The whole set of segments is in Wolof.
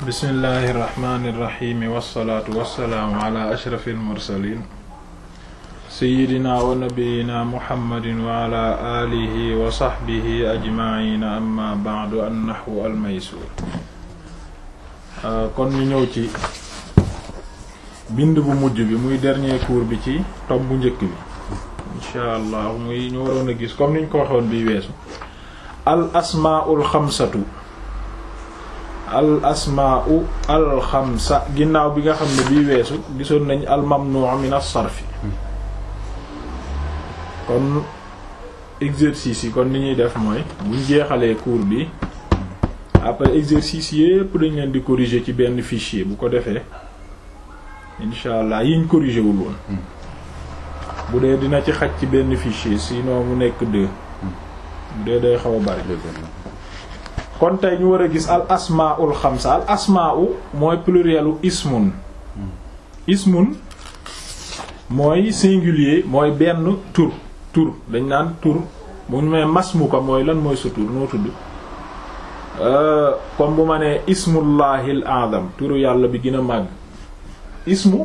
bismillahi irrahmani irrahimi wassalaatu wassalaamu ala ashrafi almursalin sayidina wa nabiyina muhammadin wa ala wa saxbihi ajmaina amma baadu an nahwu almaysuur uh, kon ñu ñëw ci bind bu mujj bi muy dernier cours bi ci tom bu njëkk bi insha allah muy ñu waroon a gis comme niñ ko waxoon bi weesu al asmaul xamsatu al asmaa'u al sa ginnaaw bi nga xam ne bii weesu gisoon nañ al mamnu' min as-sarfi kon exercice yi kon ni ñuy def mooy buñ jeexalee cours bi après exercice yépp dañ leen di corriger ci benn fichier bu ko defee incha allah yiñ corriger wul woon bu dee dina ci xaj ci benn fichier sinon mu nekk deux hmm. bu dee day xaw a bari kon tey ñu war a gis al asmaul xamsa al asmaau mooy plurielu ismun ismun mooy singulier mooy benn tur tur dañ naan tur bu ñu may masmuka mooy lan mooy sa tur noo tudd comme euh, bu ma nee ismullahil azam turu yàlla bi gën a màgg ismu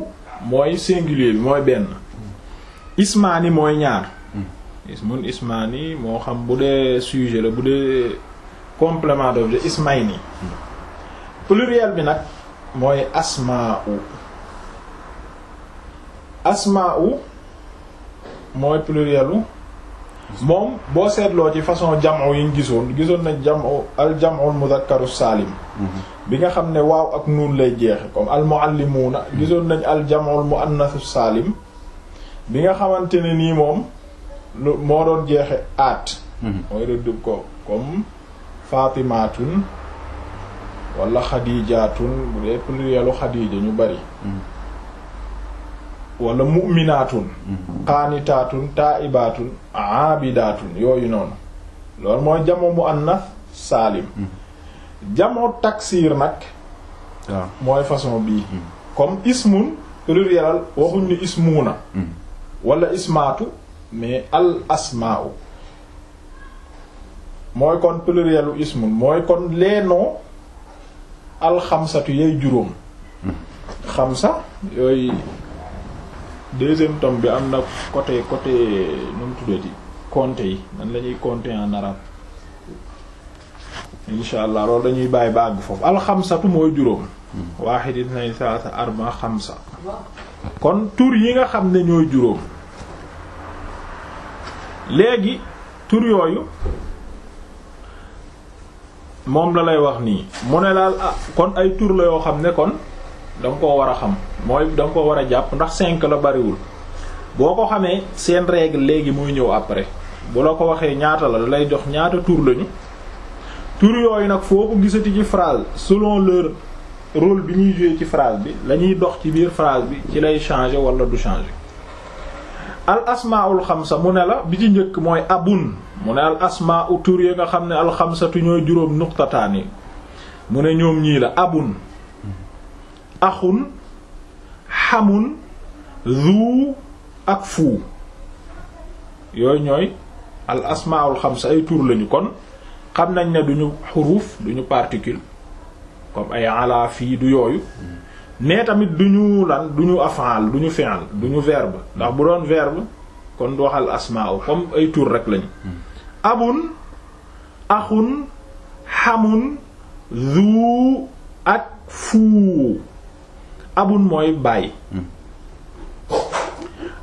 mooy singulier bi mooy benn ismaani mooy ñaar hmm. ismun ismaani moo xam bu dee sujet la bu dee complément d'objet ismayni pluriel bi nag mooy asmaa'u asmaa'u mooy plurielu moom boo seetloo ci façon jamu yi ñu gisoon gisoon na jamu al jam'ul mudhakkaru saalim mhm. bi nga xam ne waaw ak nuun lay jeexe comme al muallimuuna gisoon nañ al jam'ul muannasu saalim bi nga xamante ne nii moom moo doon jeexe aat mhm. mooy rëddub ko comme faatimaatun wala xadiijaatun bu dee plurielu xadiija ñu bari mm. wala mu'minaatun mm-hmm. qaanitaatun taa'ibaatun aabidaatun yooyu noonu loolu mooy jamo muannas saalim mm. jamo taksiir nag mooy façon bii mm. comme ismun pluriel waxuñ ni ismuuna wala ismaatu mais al asmaa'u mooy kon plurielu ismun mooy kon les noms alxamsatu yay juróom xamsa yooyu deuxième tome bi am na côté côté nu mu tuddati compter yi nan la ñuy compter en arabe insha allah loolu dañuy bàyyi ba àgg foofu alxamsatu mooy juróom waahid ithnayn thalatha arba xamsa kon tur yi nga xam ne ñooy juróom léegi tur yooyu moom la lay wax nii mu ne daal ah kon ay tur la yoo xam ne kon da nga war a xam mooy da nga koo war a jàpp ndax cinq la bariwul boo ko xamee seen règle léegi mooy ñëw après bu la ko waxee ñaata la da lay jox ñaata tur lañu tur yooyu nag foo ko gisati ci phrase selon leur rôle bi ñuy jouer ci phrase bi la ñuy dox ci biir phrase bi ci lay changer wala du changer al asmaul xamsa mu ne la bi ci njëkk mooy abun mu ne al asmaa u tur nga xam ne alxamsatu ñooy juróom nuqtataani mu ne ñoom ñii la abun axun xamun zu ak fuu yooyu ñooy al asmaul xamsa ay tur lañu kon xam nañ ne duñu xuruuf duñu particule comme ay ala du yooyu mais tamit du ñu lan du ñu afaal du ñu fi'al du ñu verbe ndax bu doon verbe kon du waxal asmaa comme ay tur rek lañu abun axun xamun zu ak fuu abun mooy baay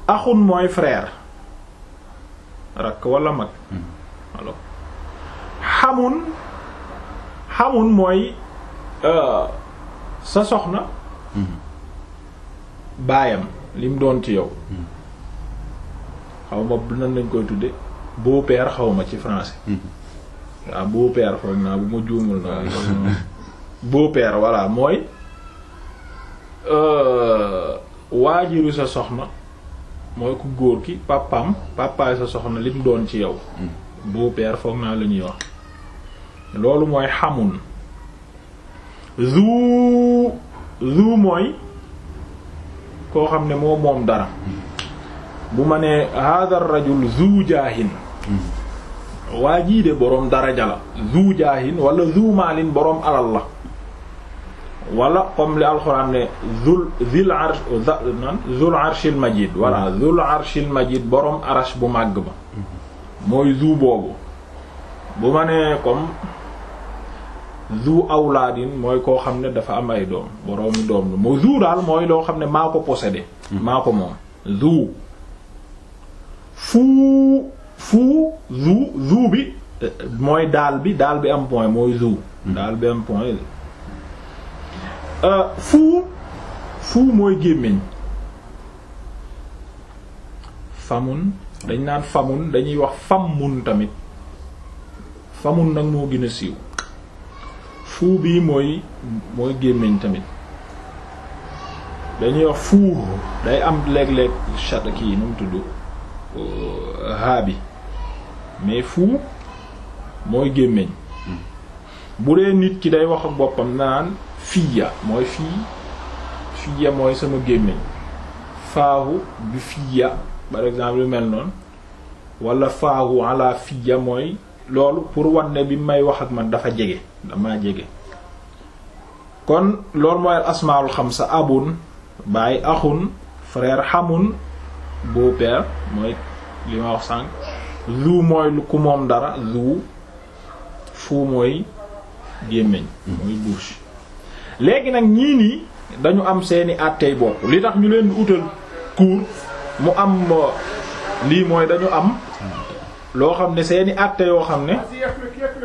axun mooy frère rakk wala mag alors xamun xamun mooy euh, sa soxna Mm-hmm. baayam li mu doon ci yow mm-hmm. xaw ma nan lañ koy tudde beau xaw ma ci français waaw mm-hmm. ah, beau-père foog naa bu ma juumul na beau-père voilà mooy euh, waajuru sa soxna mooy ku góor ki papam papaay sa soxna li doon ci yow beau-père foog naa la ñuy wax loolu mooy xamun zu zu mooy koo xam ne moo moom dara bu ma nee hadha ar-rajul zu jaahin waa jii de boroom daraja la zu jaahin wala zu maalin boroom alal la walla comme li alxuraan ne zul zul arshil majid voilà zul arshil majid boroom arash bu màgg ba mooy zu boobu bu ma nee comme zu awlaadin mooy koo xam ne dafa am ay doom boroomi doom la moo zu daal mooy loo xam ne maa ko posede hmm. maa ko moom zu fuu fuu zu bi mooy daal bi daal bi am point mooy zu hmm. daal bi am point euh, fuu fuu mooy gémmiñ famun dañ naan famun dañuy wax famun tamit famun nag moo gën a siiw fuu bii mooy mooy gémmiñ tamit dañuy wax fuu day am léeg-léeg chat kii nu mu tudd euh, haa mais fuu mooy gémmiñ hmm. bu dee nit ki day wax ak boppam naan fiya mooy fii fiya mooy sama gémmiñ faahu bi fiya par exemple lu mel noonu wala faahu ala fiya mooy loolu pour wanne bi may wax ak ma dafa jege dama jege kon loolu mooy asmaul xamsa abun baay axun frère xamun beau-père mooy li ma wax sànq zu mooy ku moom dara zu fu mooy gémmiñ mooy bouche léegi nag ñii nii dañu am seeni àtteey bopp li tax ñu leen di utal mu am lii mooy dañu am loo xam ne seeni àtte yoo xam ne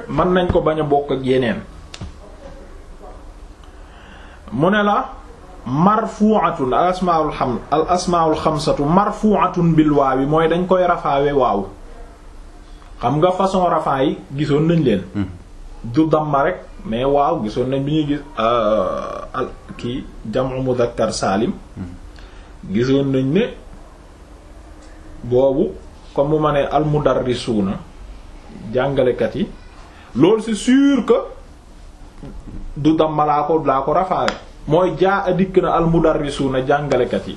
mën nañ ko bañ a bokk ak yeneen mu ne la marfu'atun al asmaul xam al asmaul xamsatu marfu'atun bil waawi mooy dañ koy rafaawe waaw xam nga façon rafaa yi gisoon nañ leen hmm. du damma rek mais waaw gisoon nañ bi ñuy gis euh, al kii jam'u mudhakkar saalim hmm. gisoon nañ ne boobu comme mu ma nee almudarrisuuna jàngalekat yi loolu c'est sûr que du damma laa ko laa ko rafaawe mooy jaa a dikk na almudarrisuuna jàngalekat yi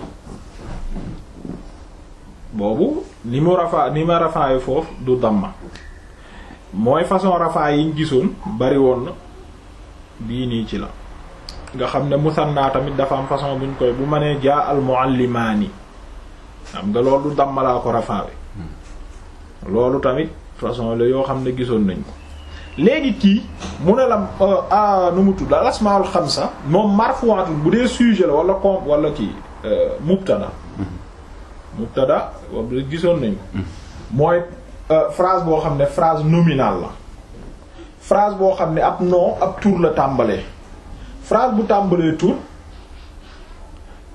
boobu ni mu rafaa ni ma rafaawe foofu du damma mooy façon rafaa yiñ gisoon bari woon na bii nii ci la nga xam ne musanna tamit dafa am façon buñ koy bu ma nee jaa al muallimaani nga loolu du damma ko rafaawe loolu tamit façon la yoo xam ne gisoon nañ ko léegi kii mu ne la euh, ah, nu mu tudd al asmaul xamsa moom marfu'at bu dee sujet la wala com wala kii euh, mubtada mubtada gisoon nañ ko mooy euh, phrase boo xam ne frase nominale la phrase boo xam ne ab nom ab tur la tàmbalee phrase bu tàmbalee tur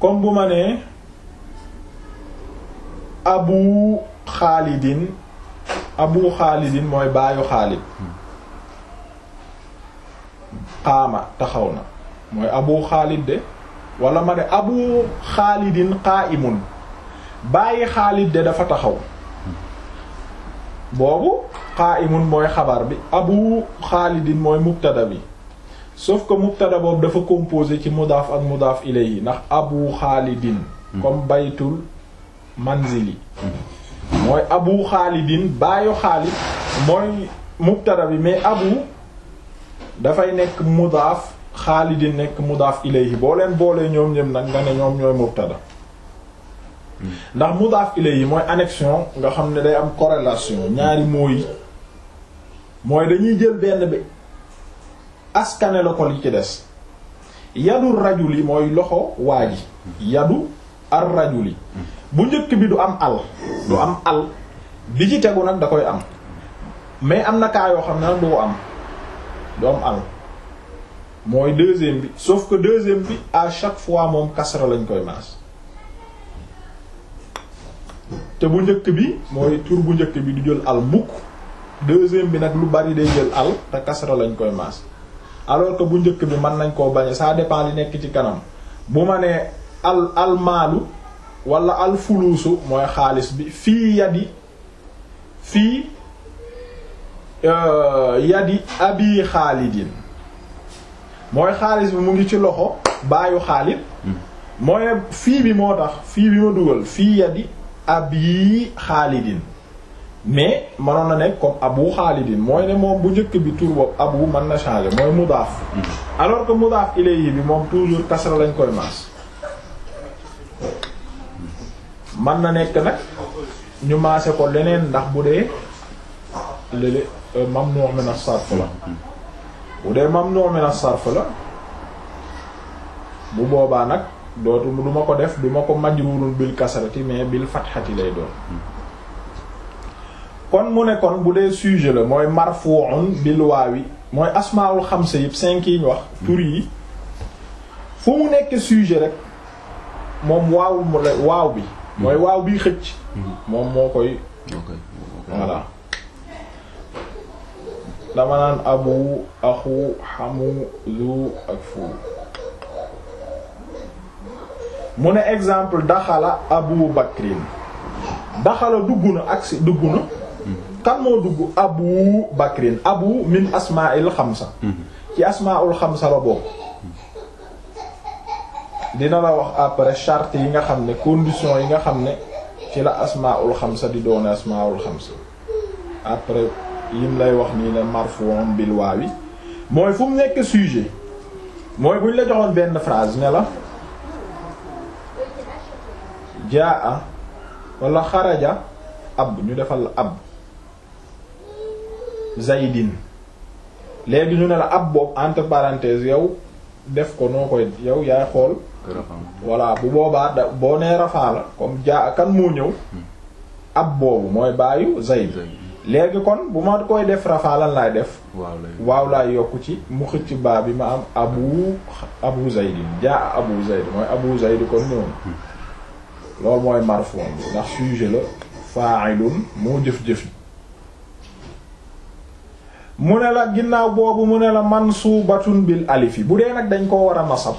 comme bu ma nee abu xaalidin abu xaalidin mooy baayu xaalid xaama taxaw na mooy abu xaalid de wala ma ne abu xaalidin xaa'imun bàyyi xaalid de dafa taxaw boobu xaa'imun mooy xabaar bi abu xaalidin mooy mubtada bi soof ko mubtada boobu dafa composé ci mudaaf ak mudaaf ilayhi ndax abu xaalidin hmm. comme baytul manzili hmm. mooy abu xaalidin baayu xaalid mooy mubtada bi mais abu dafay nekk mudaaf xaalidin nekk mudaaf ilayhi boo leen boolee ñoom ñëm nag nga ne ñoom ñooy mubtada ndax mudaaf ilayhi mooy annexion nga xam ne day am corrélation ñaari mooy mooy dañuy jël benn bi askane la ko li ci des yadu rajuli mooy loxo waa ji yadu ar rajuli bu njëkk bi du am al du am al bi ci tegu nag da koy am mais am na kaa yoo xam ne nag du ko am du am al mooy deuxième bi sauf que deuxième bi à chaque fois moom kasra lañ koy maas te bu njëkk bi mooy tur bu njëkk bi du jël al mukk deuxième bi nag lu bari day jël al te kasra lañ koy maas alors que bu njëkk bi mën nañ koo bañ saa dépend nekk ci kanam bu ma nee al al maalu wala alfuluusu mooy xaalis bi fii yadi fii euh, yadi abi xaalidin mooy xaalis bi mu ngi ci loxo baayu xaalid mooy fii bi moo tax fii bi ma dugal fii yadi abi xaalidin mais mënoon na nekk comme abu xaalidin mooy ne moom bu njëkk bi tur boobu abu man na changer mooy mudaaf mm-hmm. alors que mudaaf ilayhi bi moom toujours kasra lañ koy maas man na nekk nag ñu maase ko leneen ndax bu dee lële euh, mamnu' min as-sarf la bu dee mamnu' min as-sarf la bu boobaa nag dootu du ko def du ma ko majruurun bil kasrati mais bil fathati lay doon kon mu ne kon bu dee sujet la mooy marfu'un bil waawi mooy asmaul xamsa yëpp cinq yi ñu wax tur yi fu mu nekk sujet rek moom waaw waaw bi mooy waaw bii xëcc hmm. moom moo koy voilà dama naan abu axu xamu ak fu mu ne exemple daxala abu bakrin daxala dugg na agsi dugg na hmm. kan moo dugg abu bakrin abu min asmaa'il xamsa hmm. ci asmaa'ul xamsa la bokk dina la wax après charte yi nga xam ne condition yi nga xam ne ci la asmaul xamsa di doone asmaul xamsa après yim lay wax nii ne marfu'un bil waawi mooy fu mu nekk sujet mooy buñ la joxoon benn phrase ne la jaa wala xaraja ab ñu defal la ab zaydin léegi ñu ne la ab boobu entre parenthèses yow def ko noo koy yow yaay xool voilà bu boobaa da boo nee rafaa la comme jaa kan moo ñëw hmm. ab boobu mooy baayu Zayd léegi kon bu ma koy def rafaa lan laay def waaw laay yokk ci mu xëcc baa bi ma am abu abu Zayd jaa abu Zayd mooy abu Zayd kon ñëw hmm. loolu mooy marfu bi ndax sujet la fa'ilun moo jëf jëfi mu ne la ginnaaw boobu mu ne la man mansubatun bil alifi bu dee nag dañ koo war a nasab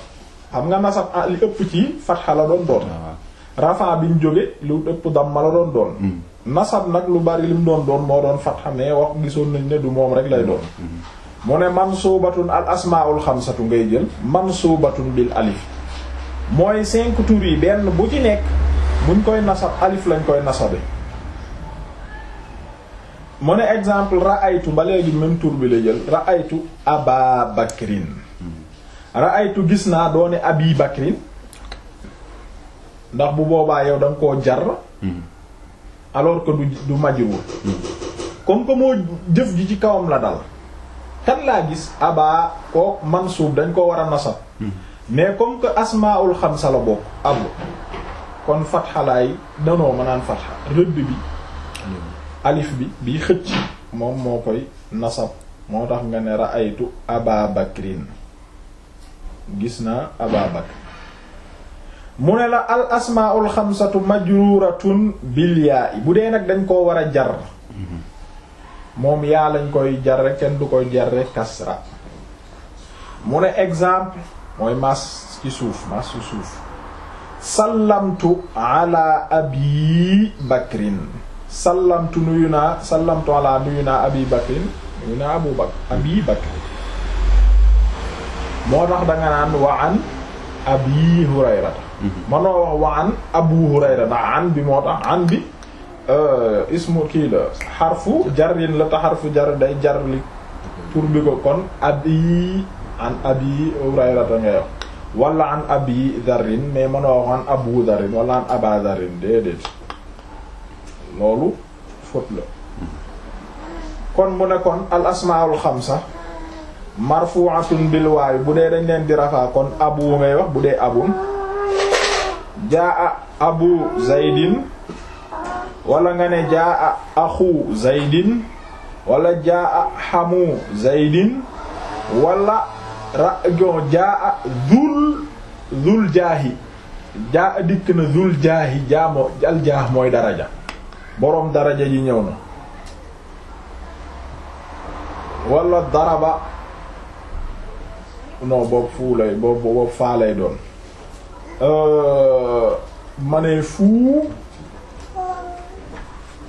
xam nga nasab ah, li ëpp ci fatxa la doon doon ah, rafa bi jóge lu ëpp damma la doon doon hmm. nasab nag lu bari lim doon doon moo doon fatxa mais wax gisoon nañ ne du moom rek lay doon hmm. mu ne mansubatun al asmaul xamsatu ngay jël mansubatun bil alif mooy cinq tur yi benn bu ci nekk buñ koy nasab alif lañ koy nasabe mu ne exemple ra'aytu ba léegi même tur bi la jël ra'aytu aba ra'aytu gis naa doone abi bakrin ndax bu boobaa yow da koo jar hmm. alors que du du majrur hmm. comme que moo jëf ji ci kawam la dal kan laa gis abaa ko mansuub dañ ko war a nasab hmm. mais comme que asmaul xamsa la bokk abu kon fatxa danoo ma naan fatxa rëdd bi alif bi bii xëcc moom moo koy nasab moo tax nga ne ra'aytu aba bakrin gis naa Abaa Bakr mu ne la al asmaul xamsatu majruratun bil bu dee nag dañ koo war a jar moom yaa lañ koy jar kenn du koy jar rek kasra mu ne exemple mooy mas ci suuf mas ci suuf sallamtu ala abi bakrin sallamtu nuyu naa sallamtu ala nuyu naa abi bakrin nuyu naa abu bakr moo tax danga naan wa an abi hurayrata manoo mhm. wax wa an abu hurayra ndax bi moo tax an bi euh, ismu kii la xarfu jarin la ta xarfu jar day jar li bi ko kon abi an abi hurayrata nga wax wala an abi darin mais manoo wax an abu darin wala an aba darin déedéet loolu fóot la mhm. kon mu ne kon al asmaul xamsa marfu'atun bil bu dee dañ leen di rafaa kon abu ngay wax bu dee abun jaa abu zaydin wala nga ne jaa axu zaydin wala jaa xamu zaydin wala rajo jaa zul zul jaahi jaa dikk na zul jaahi jaa moo jaah mooy daraja boroom daraja yi ñëw na wala daraba non boobu fuu lay boobu boobu faa lay doon euh, ma ne fuu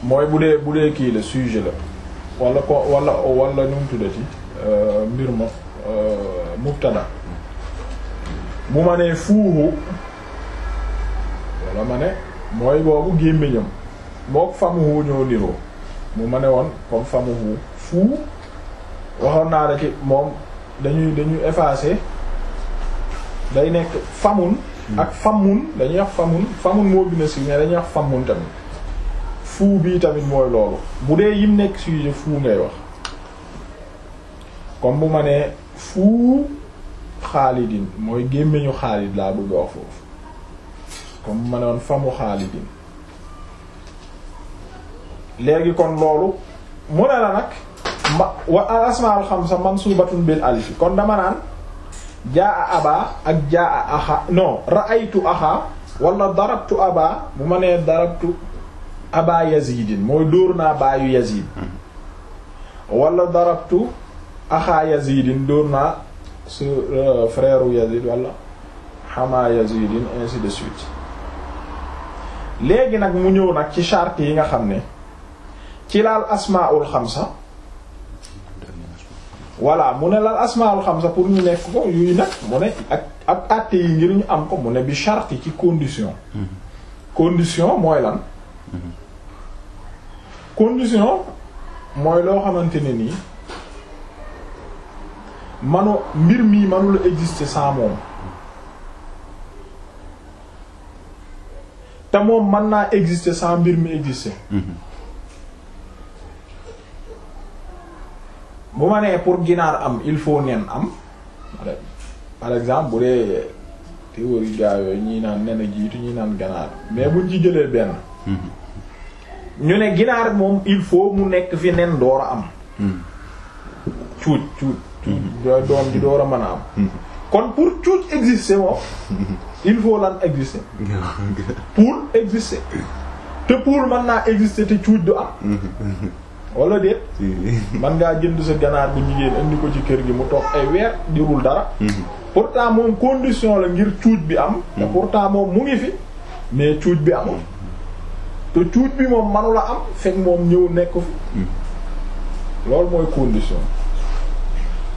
mooy bu dee bu dee kii la sujet la wala ko wala wala ñu mu tuddati euh, mbir ma euh, mubtada bu ma nee fuuhu wala ma ne mooy boobu gémmiñam mook famuhu ñoo niroo mu ma ne woon comme famuhu fuu waxoon naa la moom dañuy dañuy effacer day nekk famun hmm. ak famun dañuy wax famun famun moo gën a si mais dañuy wax famun tamit fu bii tamit mooy loolu bu dee yim nekk si sujet fuu ngay wax comme bu ma nee fuu xaalidin mooy gémmiñu xaalid laa bëgg wax foofu comme bu ma ne woon famu xaalidin léegi kon loolu mu ne la nag ma wa al asmaul xamsa mansubatun bil alif kon dama naan jaa abaa ak jaa a axa non ra'aytu axa wala darabtu abaa bu ma nee darabtu abaa yazidin mooy dóor naa baayu yazid wala darabtu axa yazidin dóor naa su euh, frère yazid wala xamaa yazidin ainsi de suite léegi nag mu ñëw nag ci chart yi nga xam ne ci laal asmaul xamsa voilà mu ne lal asmaul xamsa pour ñu nekk ko yuy nag mu ne ak ak àtte yi ngir ñu am ko mu ne bi charte ci condition mhm. condition mooy lan mhm. condition mooy loo xamante ne nii manu mbir mii manula exister sans moom te moom mën naa exister sans mbir mi exister mhm. bu ma nee pour ginaar am il faut nen am par exemple bu dee théorie gaa yooyu ñii naan nen a jiitu ñii naan ganaar mais buñ ci jëlee benn mhm. ñu ne ginaar moom il faut mu nekk fi nen door a am mhm. cuuj cuuj cuuj mhm. doom ji door a mën a am kon pour cuuj exister moom il faut lan exister pour exister te pour mën naa exister te cuuj du am wala déet man ngaa jënd sa ganaar bu jigéen indi ko ci kër gi mu toog ay weer dirul dara mhm. pourtant moom condition la ngir cuuj bi am te mhm. pourtant moom mu ngi fi mais cuuj bi amul mhm. te cuuj bi moom manula am fekk moom ñëw nekk fi loolu mooy condition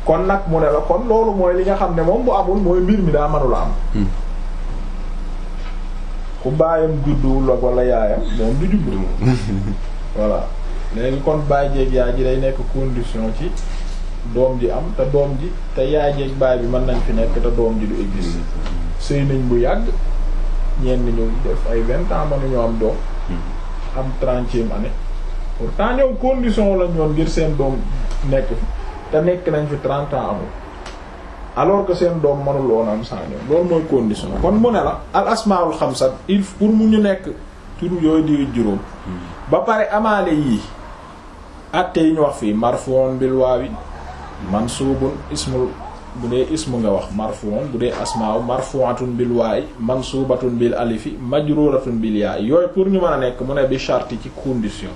kon nag mu ne la kon loolu mooy li nga xam ne moom bu amul mooy mbir mi daa manula am ku baayam judduwul ak wala yaayam moom du juddu voilà léegi kon baay jeeg yaay ji day nekk condition ci doom ji am te doom ji te yaay jeeg baay bi mën nañ fi nekk te doom ji du existe sëy nañ bu yàgg ñenn ñu def ay vingt ans mënuñu am doom am trentième année pourtant ñoom condition lañ yoon ngir seen doom nekk fi te nekk nañ fi trente ans amul alors que seen doom mënul woon am sans ñoom loolu mooy condition kon mu ne la al asmaul xamsa il pour mu ñu nekk tur yooyu di juróom hmm. ba pare amaale yii atte yi ñu wax fii marfuun bil waawi mansuubun ismul bu dee ismu nga wax marfuun bu dee asmaaw marfuatun bil waayi mansuubatun bil alifi majruratun bil yaay yooyu pour ñu mën a nekk mu ne bi charte ci condition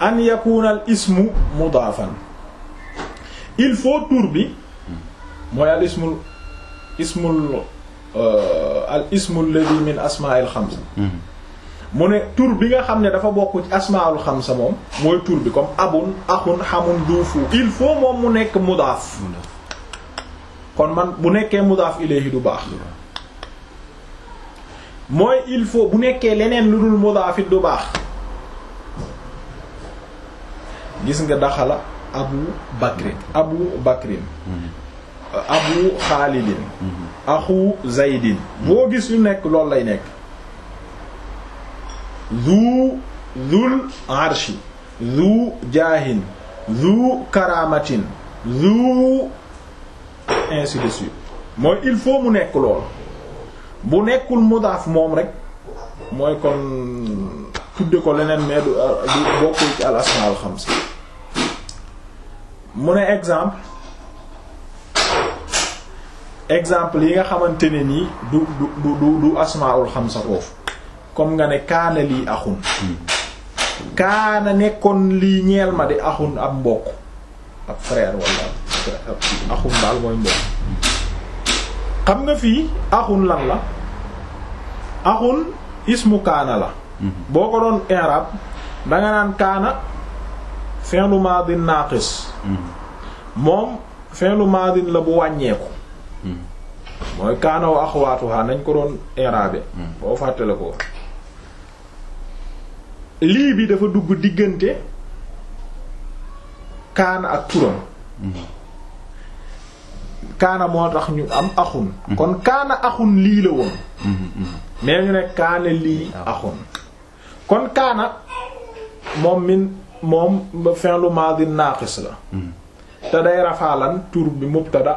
an yakuna al ismu mudaafan il faut tur bi mooy al ismul ismul euh, al ismul ladhi min asmaa'il xamsa mm-hmm. mu ne tur bi nga xam ne dafa bokk ci xam sa moom mooy tur bi comme abun axun xamun duufu il faut moom mu nekk mudaaf kon man bu nekkee mudaaf ilayhi du baax mooy il faut bu nekkee leneen lu dul mudaaf it du baax gis nga daxala abu bakrin abu bakrin xaalidin mm-hmm. axu zaydin boo gis lu nekk loolu lay nekk zu zul arshi zu jaahin zu karamatin zu ainsi de mooy il faut mu nekk lool bu nekkul mudaaf moom rek mooy kon tudde ko leneen mais du euh, bokkul ci al asmaal xamsa mu ne exemple exemple yi nga xamante ne nii du du du du asmaul xamsa foofu comme nga ne kaana lii axun kaana nekkoon lii ñeel ma di axun ab mbokk ab frère wala axun daal mooy mbokk xam nga fii axun lan la axun ismu kaana la mhm. boo ko doon i'rab danga naan kaana fi'lu maadin naaqis mhm. moom fi'lu maadin la bu wàññeeku mhm. mooy kaana wa axwaatuha nañ ko doon i'rabe boo fàttale ko lii bi dafa dugg diggante kaana ak turam kaana moo tax ñu am axun kon kaana axun lii la woon mais ñu ne kaana lii axun kon kaana moom min moom fi'lu maadi naaqis la te day rafaalan tur bi mubtada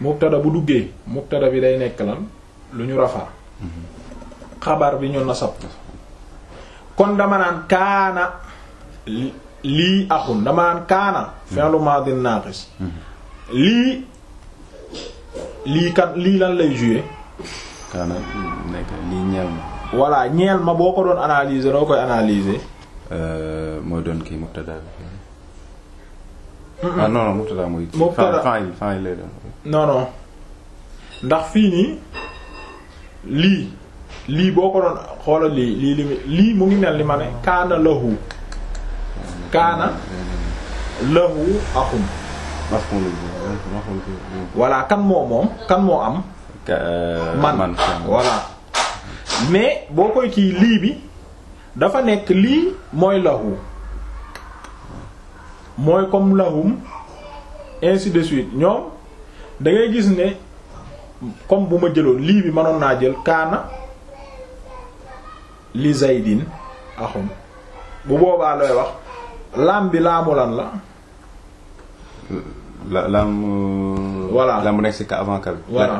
mubtada bu duggee mubtada bi day nekk lan lu ñu rafaa xabaar bi ñu nasab kon dama naan kaana lii axun dama naan kaana fi'lu maadi naaqis lii lii kan lii lan lay jouer kaana nekk lii ñeel ma voilà ñeel ma boo ko doon analyser noo koy analyser euh, mooy doon kii mubtada ah, non non mooy fa'il fa'il ndax fii nii lii lii boo ko doon xoolal lii lii lii mu ngi mel li ma ne kaana lahu kaana lahu axum voilà kan moo moom kan moo am euh, man voilà mais boo koy kii lii bi dafa nekk lii mooy lahu mooy comme lahum ainsi de suite ñoom da gis ne comme bu ma jëloon lii bi mënoon naa jël kaana li zaydin axun bu boobaa looy wax laam bi laamu la. la laam. voilà laam bu nekk si ka avant ka bi. voilà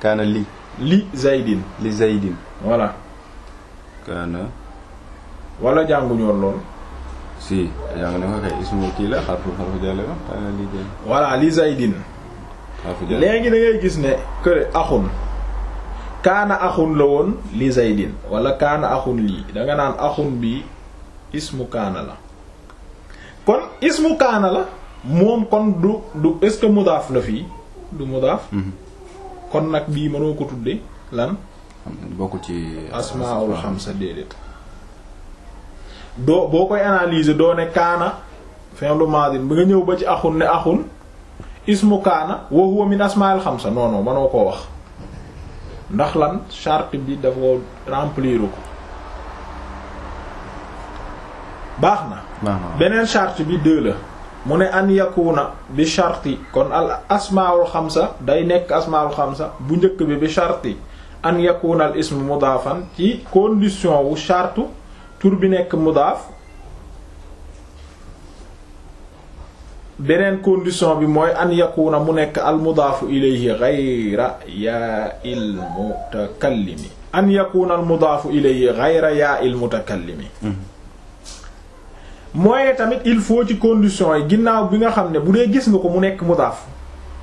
kaana li. li zaydin. li zaydin. voilà. kaana. wala jànguñu woon lool. si jàng na ko kay ismu kii la xarfu xarfu jàll la kaana li zaydin. voilà li zaydin. léegi da gis ne que axun. kaana axun la woon li zaydin wala kaana axun lii danga naan axun bii ismu kaana la kon ismu kaana la moom kon du du est-ce que mudaaf la fii du mudaaf mhm. kon nag bii mënoo ko tudde lan bokk ci asmaul xamsa déedéet doo boo koy analyser doo ne kaana fi'lu madin ba nga ñëw ba ci axun ne axun ismu kaana wa huwa min asmaul xamsa non mënoo koo wax ndax lan charte bi dafa remplir ko baax na beneen charte bi deux la mu ne an yakuna bi sharti kon al asmaul xamsa day nekk asmaul xamsa bu njëkk bi bi sharti an yakuna al ism mudaafan ci condition wu charte tur bi nekk mudaaf beneen condition bi mooy an yakuna mu nekk almudaafu ilayhi ghayra yaa il mutakallimi an yakuna almudaafu ilayhi ghayra yaa il mutakallimi mooy tamit il faut ci condition yi ginnaaw bi nga xam ne bu dee gis nga ko mu nekk mudaaf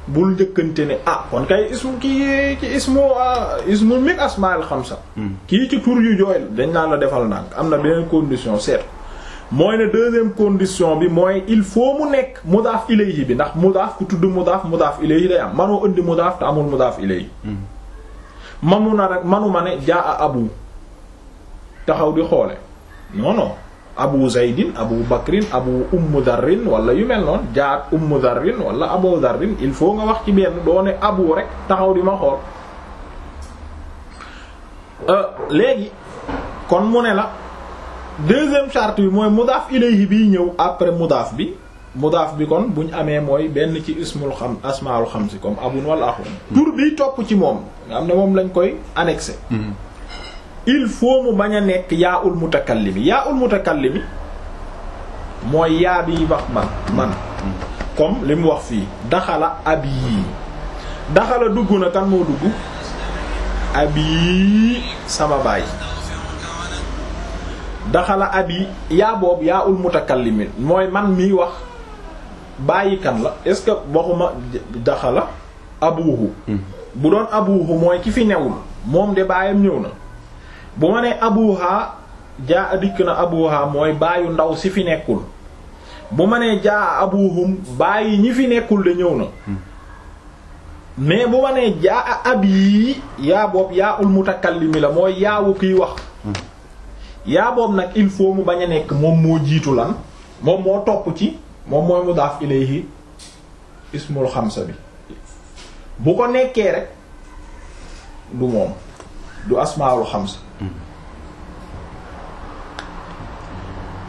bul njëkkante ne ah kon kay ismu kii ci ismu ah, ismu min asmaal xamsa hmm. kii ci tur yu jooy dañ naan la defal ndànk am na beneen condition seet mooy ne deuxième condition bi mooy il faut mu nekk mudaaf ilayhi bi ndax mudaaf ku tudd mudaaf mudaaf ilayhi day am manoo indi mudaaf te amul mudaaf ilayhi hmm. manu na rek manu ma ne jaa abu taxaw di xoole non non abu zaydin abu bakrin abu ummu darrin wala yu mel noon jaar ummu darrin wala abu darrin il faut nga wax ci benn doo ne abu rek taxaw di ma xool euh, léegi kon mu ne la deuxième charte bi mooy mudaaf ilayhi biy ñëw après mudaaf bi mudaaf bi kon bu ñu amee mooy benn ci ismul xam asmaul xam si comme abun wala axun tur biy topp ci moom nga xam ne moom lañ koy annexé mhm. il faut mu bañ a nekk yaa ul mutakallimi yaa ul mutakallimi mooy yaa bi wax man man comme li wax fii daxala ab yii daxala dugg na kan moo dugg ab yii sama baay daxala abi yaa boobu yaa ul mutakallimin mooy man miy wax bàyyi kan la est ce que waxuma daxala abuhu hmm. bu doon abuhu mooy ki fi newul moom de baayam ñëw na bu ma nee abuha jaa dikk na abuha mooy baayu ndaw si fi nekkul bu ma nee jaa abuhum bàyyi ñi fi nekkul de ñëw na hmm. mais bu ma nee jaa ab yii yaa yaa ul mutakallimi la mooy yaawu kiy wax hmm. yaa nag il faut mu bañ a nekk moom moo jiitu lan moom moo topp ci moom mooy mudaaf ilayhi ismul xamsa bi bu ko nekkee rek du moom du asmaul xamsa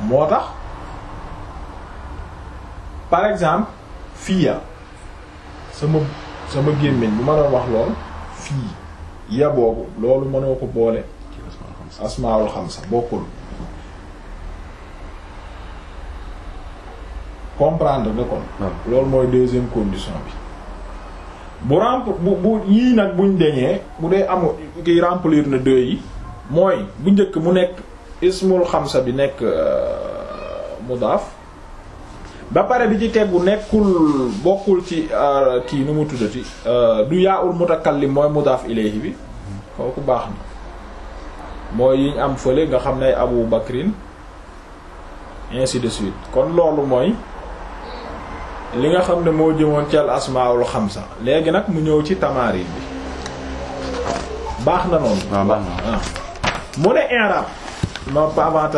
moo tax par exemple fiya sama sama gémmiñ bu ma doon wax lool fii ya boobu loolu mënoo ko boole xamsa asmaawul xamsa bokkul comprendre nga kon loolu mooy deuxième condition bi bu remplir bu bu yii nag buñ deñee bu dee amu kiy remplir na deux yi mooy bu njëkk mu nekk ismul xamsa bi nekk euh, mudaaf ba pare bi ci teggu nekkul bokkul ci euh, kii nu mu tuddati euh, du yaa ul mutakallim mooy mudaaf ilayhi bi hmm. kooku baax na mooy yiñ am fële nga xam ne ay Abu Bakrin ainsi de suite kon loolu mooy li nga xam ne moo jëmoon ci al asmaul xamsa léegi nag mu ñëw ci tamarin bi baax na noonu waaw baax na ah. mu ne i'rab non pas avant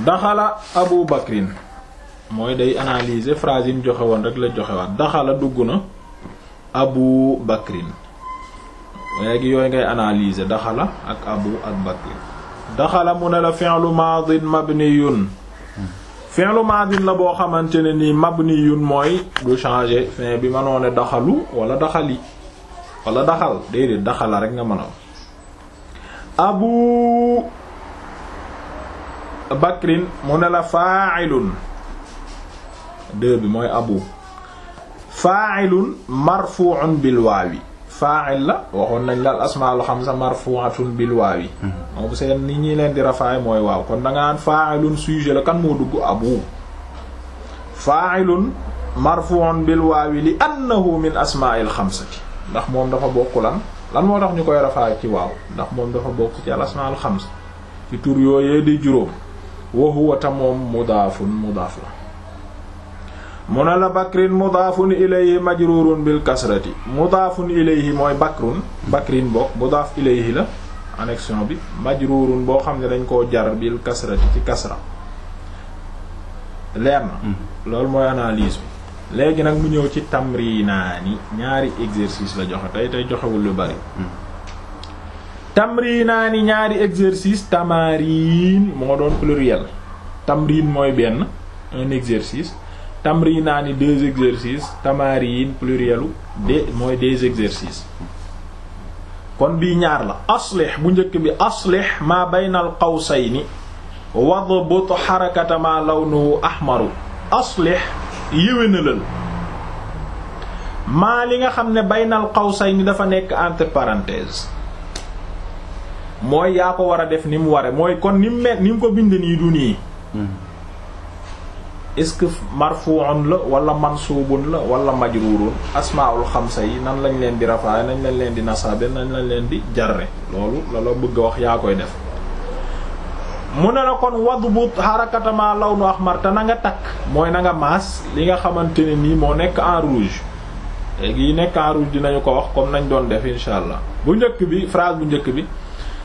daxala Abu Bakrin mooy day analyser phrase yi mu joxe woon rek la joxe waat daxala dugg na Abu Bakrin léegi yooyu ngay analyser daxala ak abu ak daxala mu ne la fi'lu madin mabniyun fi'lu madin la boo xamante ne nii mabniyun mooy du changer fin bi mënoo ne daxalu wala daxali walla daxal déedéet daxala rek nga mën a abu bakrin mu ne la fa'ilun deux bi mooy abu fa'ilun marfu'un bil waawi fa'il la waxoon nañ la al asmaul xamsa marfu'atun bil waawi moom seen ni ñi leen di rafaay mooy waaw kon da nga naan fa'ilun la kan moo dugg abu fa'ilun marfu'un bil waawi li annahu min asmail xamsati ndax moom dafa bokk lan lan moo tax ñu koy rafaay ci waaw ndax moom dafa bokk ci al asmaul xamsa ci tur yooyee di juróom wa huwa ta mudaafun mudaaf la mu ne la bakrin mudaafun ilayhi majrurun bil kasrati mudaafun ilayhi mooy bakrun bakrin bokk mudaaf ilayhi la annexion bi majrurun boo xam ne dañ koo jar bil kasrati ci kasra leer na mm-hmm. loolu mooy analyse bi léegi nag mu ñëw ci tamrinaani ñaari exercice la joxe tey tey joxewul lu bari mm-hmm. tamrinaani ñaari exercice tamarin moo doon pluriel tamrin mooy benn un exercice naa tamrinaani deux exercices tamariin plurielu de mooy des exercis kon bii ñaar la aslih bu njëkk bi aslih ma baynal qawsayni wadbut xarakata law nu ahmaru aslih yéwénalal maa li nga xam ne baynal ni dafa nekk entre parenthèses mooy yaa ko war a def ni mu ware mooy kon ni mu mel ni ko bind nii du nii hmm. est-ce que marfu'un la wala mansuubun la wala majruurun asmaul xamsa yi nan lañ leen di rafaa nañ lañ leen di nasabe nañ lañ leen di jarre loolu la la bëgg wax yaa koy def mu ne na kon wadbut xarakatama law nu axmar te na nga takk mooy nanga maas li nga xamante ne nii moo nekk en rouge léegi yi nekk en rouge dinañu ko wax comme nañ doon def insha allah bu njëkk bi phrase bu njëkk bi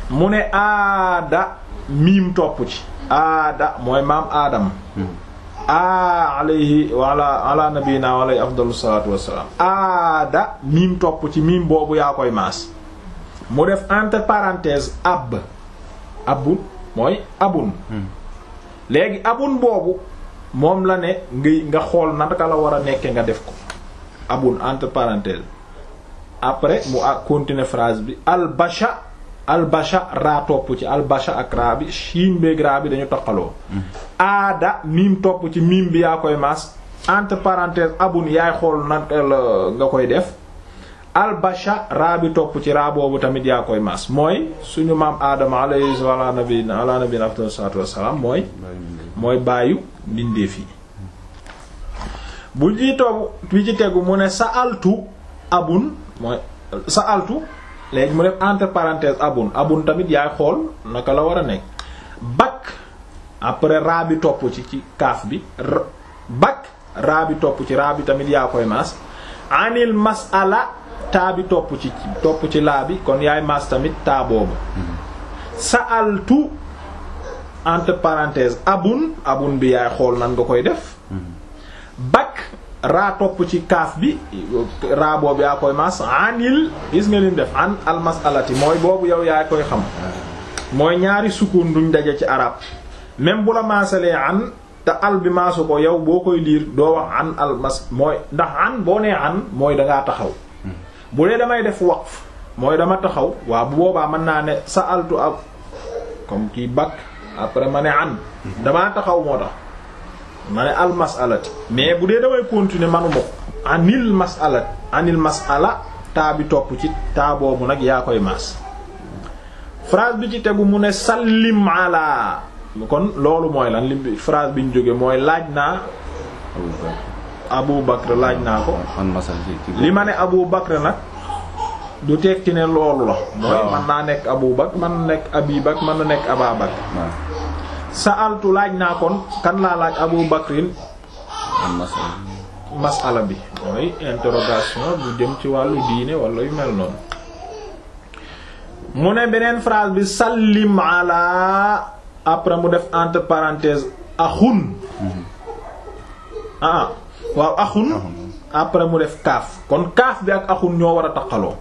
mu ne aada miim topp ci aada mooy maam aadam hmm. a alayhi wala ala nabiyina walay afdalu salatu wassalam aada miim topp ci miim boobu yaa koy maas mu def entre parenthèse ab abu mooy abun hmm. léegi abun boobu moom la ne ngi nga xool naka la war a nekke nga def ko abun entre après mu a continuer phrase bi albasha albasha raa topp ci albasha ak raa bi shiin beeg raa bi dañu toqaloo aada miim topp ci miim bi yaa koy maas entre parenthèse abun yaay xool naka euh, nga koy def albasha raa bi topp ci raa boobu tamit yaa koy maas mooy suñu maam aadama alayhi ala nabi ala nabi afdal salatu mooy mooy bàyyu mbindeef yi bu ji bi ci tegu mu ne sa altu abun mooy sa altu léegi mu def entre parenthèse abun abun tamit yaay xool naka la war a nekk bak après raa bi topp ci ci kaaf bi bak raa bi topp ci raa bi tamit yaa koy maas anil masala taa bi topp ci topp ci laa bi kon yaay maas tamit taa boobu sa'altu entre parenthèse abun abun bi yaay xool nan nga koy def hmm. raa topp ci kaaf bi raa boobu yaa koy mas anil gis nga lim def an almasalati mooy boobu yow yaa koy xam mooy ñaari sukun duñ daje ci arab même bu la maasalee an te al bi maasu ko yow boo koy liir doo wax an almas mooy ndax an boo nee an mooy dangaa taxaw bu dee damay def waqf mooy dama taxaw waa bu boobaa mën naa ne sa altu ab comme kii bakk après ma ne an damaa taxaw moo tax ma ne al masalati mais bu dee damay continuer manu ma anil masalat anil masala taa bi topp ci taa boobu nag yaa koy maas phrase bi ci tegu mu ne sallim ala kon loolu mooy lan li bi ñu jógee mooy laaj naa Abu Bakr laaj naa ko li ma ne Abu Bakr nag du ci ne loolu la mooy ah. man naa nekk Abu Bakr man na nekk Abi Bakr man na nekk Aba Bakr ah. sa sa'altu laaj naa kon kan laa laaj Abu Bakrin masala bi mooy interrogation bu jëm ci wàllu diine wala yu mel noonu mu ne beneen phrase bi sallim ala après mu def entre parenthèse axun ah waaw axun après mu def kaaf kon kaaf bi ak axun ñoo war a taqaloo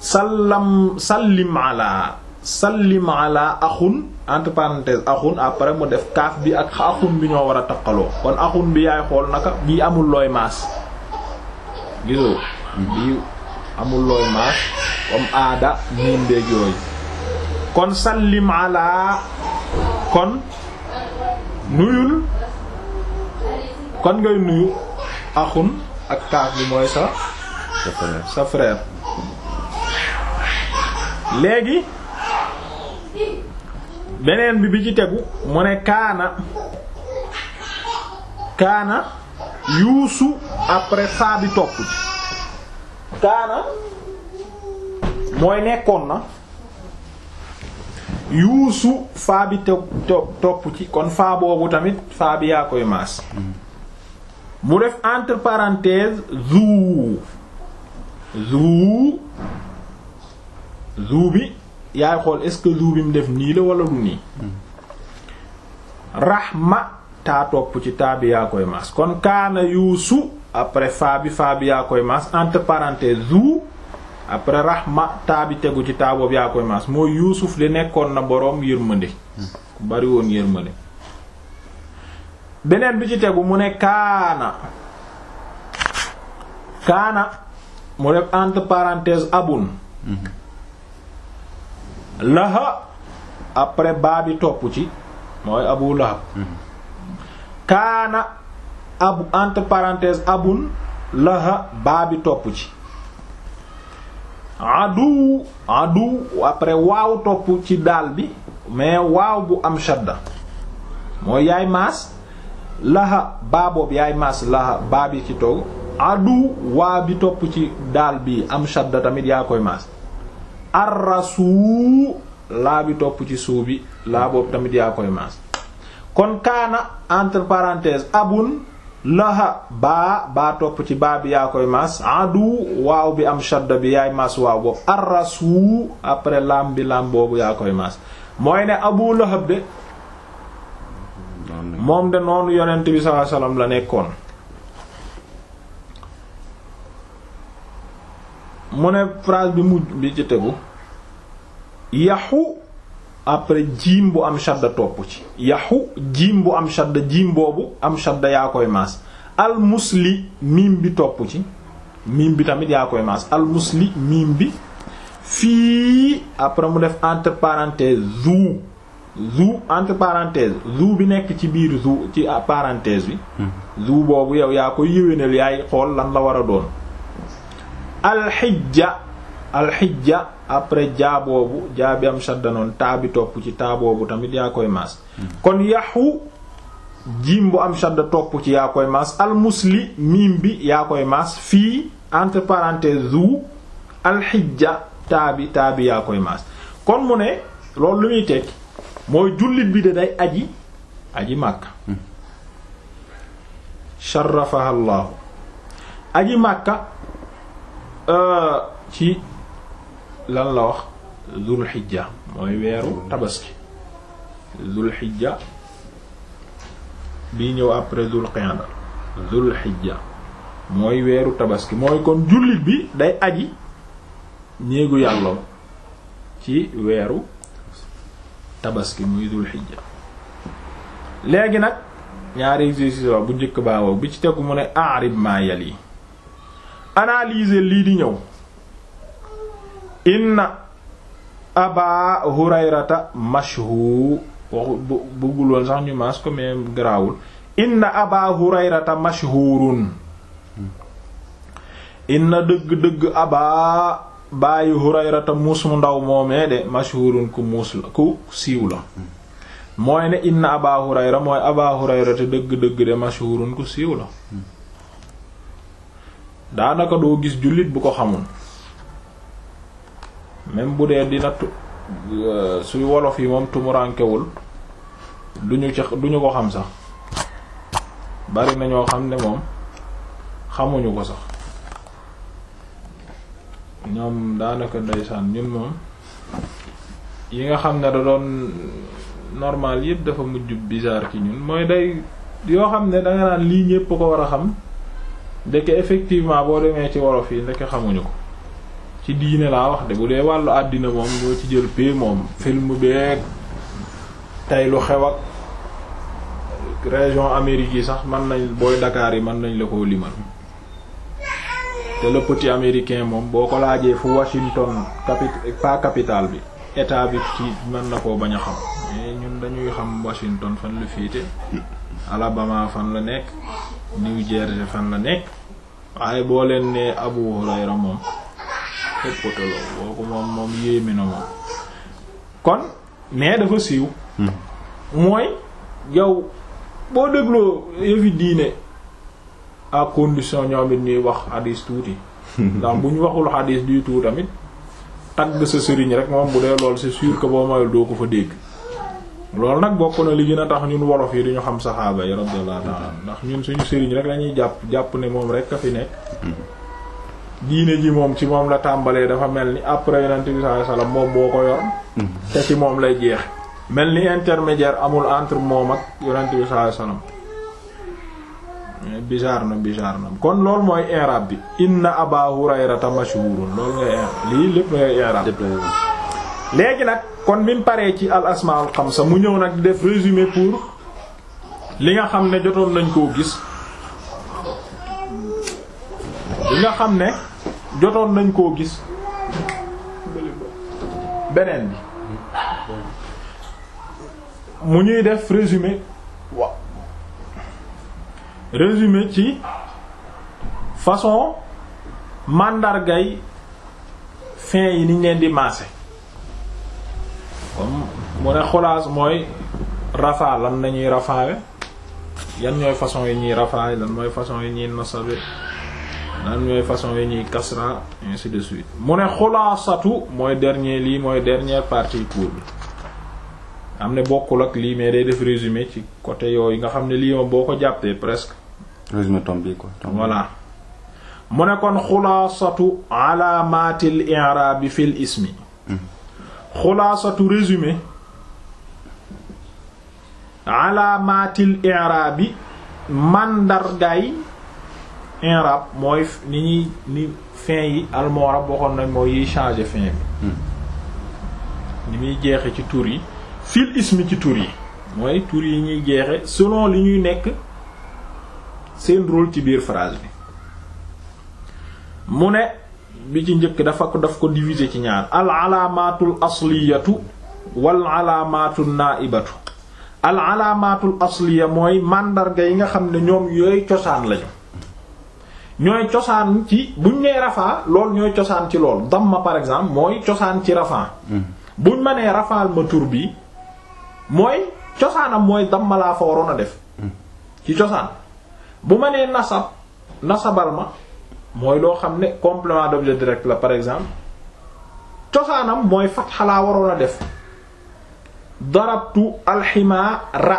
sallam sallim ala sallim ala axun entre parenthèse axun après mu def kaaf bi ak axun bi ñoo war a taqaloo kon axun bi yaay xool naka bii amul looy maas gisoo bii amul looy maas comme aada miin beeg yooyu kon sallim ala kon nuyul kon ngay nuyu axun ak kaaf bi mooy sa sa frère léegi beneen bi bi ci tegu mu ne kaana kaana yuusu après saa topp ci kaana mooy nekkoon na yuusu faa topp ci kon faa boobu tamit faa bi yaa koy maas mu def entre parenthèse zuu zuu zuu bi yaay xool est-ce que jour bi mu def nii la wala du nii rahma taa topp ci taa yaa koy maas kon kaana yuusu après faa bi faa bi yaa koy maas entre parenthèse après rahma taa tegu ci taa boobu yaa koy maas mooy yuusuf li nekkoon na boroom yërmande ku bari woon yërmande beneen bi ci tegu mu ne kaana kaana mu def entre abun mhm. laha après baa bi topp ci mooy abu lahab kaana abu entre abun laha baa topp ci adu adu après waaw topp ci daal bi mais waaw bu am shadda mooy yaay maas laha baa yaay maas laha baa bi ci toog adu waa bi topp ci daal bi am shadda tamit yaa koy maas arrasu laa bi topp ci suu bi laa boobu tamit yaa koy maas kon kaana entre abun laha baa baa topp ci baa bi yaa koy maas adu waaw bi am shadda bi yaay maas waaw boobu arrasu après laam bi laam boobu yaa koy maas mooy ne abu lahab de moom de noonu yonent bi sallallahu alayhi la nekkoon mu ne phrase bi mujj bi ci tegu yaxu après jiim bu am shadda topp ci yaxu jiim bu am shadda jiim boobu am shadda yaa koy maas al miim bi topp ci miim bi tamit yaa koy al musli miim bi fii après mu def entre parenthèse zu zu entre bi nekk ci biir zu ci parenthèse bi hmm. zu boobu yow yaa koy yéwénal yaay xool lan la war a doon alxijja alxijja après jaa boobu am shaddanoon taa bi topp ci taa tamit yaa koy maas kon yaxu jiim bu am shadda topp ci yaa koy maas almusli bi yaa koy maas fii entre parenthèse zu alxijja taa bi yaa koy maas kon mu ne loolu lu muy tekki mooy jullit bi de day aji aji màkka hmm. sharafaha aji màkka ci lan la wax zul xijja mooy weeru tabaski zul xijja bii ñëw après zul qiyada zul xijja mooy weeru tabaski mooy kon jullit bi day aji néegu yàlla ci weeru tabaski muy zul xijja léegi nag ñaari exercice bu njëkk baawo bi ci tegu mu ne arib maa yali analyser lii di ñëw inna aba hurayrata mashhu waxu bëggul woon sax ñu maas ko mais garaawul inna aba hurayrata mashhurun inna dëgg-dëgg aba bàyyi hurayrata muus mu ndaw moomee de mashhurun ku muus la ku siiw la mooy ne inna aba hurayra mooy aba hurayrata dëgg-dëgg de mashhurun ku siiw la daanaka doo gis jullit bu ko xamul même bu dee dina euh, suy wolof yi moom tumurankewul duñu ci duñu ko xam sax bari na ñoo xam ne moom xamuñu ko sax ñoom daanaka ndeysaan ñun moom yi nga xam ne da doon normal yépp dafa mujj bizarre ki ñun mooy day yoo xam ne danga naan lii ñépp ko war a xam ndeke effectivement boo demee ci wolof yi ndeke xamuñu ko ci diine laa wax de bu dee wàllu àddina moom ñoo ci jël pee moom film beeg tey lu xew ak région Amérique yi sax mën nañ booy Dakar yi mën nañ la koo limal te le petit américain moom boo ko laajee fu Washington capi pas capital bi état bi ci mën na koo bañ a xam ñun dañuy xam Washington fan lu fiite Alabama fan la nekk New Jersey fan la nekk waaye boo leen ne Abu Hurayra moom ëppatalo boo kon mais dafa siiw hmm. mooy yow boo dégloo yëfi diine à condition ñoom it ñuy wax xadiis tuuti ndax bu ñu waxul xadiis du tout tamit tagg sa sëriñ rek moom bu dee lool si sûr que boo mayul doo ko fa dégg loolu nag bokk na li gën a tax ñun wolof yi duñu xam saxaaba yi radiyallahu ta'ala ndax ñun suñu sëriñ rek lañuy jàpp jàpp ne moom rek a fi nekk mm-hmm. diine ji moom ci moom la tàmbalee dafa mel ni après yonent bi sallallahu alayhi moom boo ko yor mm-hmm. te ci moom lay jeex mel ni intermédiaire amul entre moom ak yonent bi sallallahu alayhi wasallam na bizarre na kon loolu mooy i'rab bi inna aba hurayrata mashhurun loolu ngay i'rab lii lépp ngay i'rab léegi nag kon bi mu paree ci al asmaul xamsa mu ñëw nag di def résumé pour li nga xam ne jotoon nañ koo gis li nga xam ne jotoon nañ koo gis beneen bi mu ñuy def résumé waaw ci façon mandargay fin yi niñ leen di maase comme mu ne xulaas mooy rafaa lan lañuy rafaawe yan ñooy façon yi ñuy rafaawe lan mooy façon yi ñuy nasabe lan ñooy façon yi ñuy kasra ainsi de suite mu ne xulaasatu mooy dernier lii mooy dernière partie cours bi am ne bokkul ak lii mais day def résumé ci côté yooyu nga xam ne lii moom boo ko jàppee presque résumé tombe bi quoi voilà mu ne kon xulaasatu alaamaatil i'raab fil ismi mm-hmm. xulaasatu résumé alaamaatil i'raab yi màndargaay i'raab mooy ni ñuy ni fin yi almoorab waxoon nañ mooy yiy changer fin bi hmm. ni muy jeexe ci tur yi fil ismi ci tur yi mooy tur yi ñuy jeexe selon li ñuy nekk seen rôle ci biir phrase bi mu ne bi ci njëkk dafa ko daf ko diviser ci ñaar al alaamaatul asliyatu wal alaamaatul naaibatu al alaamaatul asliya mooy màndarga yi nga xam ne ñoom yooy cosaan lañu ñooy cosaan ci buñ nee rafaa lool ñooy cosaan ci lool dam ma par exemple mooy cosaan ci rafaa hmm. buñ ma nee rafaal ma tur bi mooy cosaanam mooy ma laa fa waroon a def hmm. ci cosaan bu ma nee nasab nasabal ma mooy loo xam ne complément d'objet direct la par exemple cosaanam mooy fatxa laa waroon a def darabtu alximaara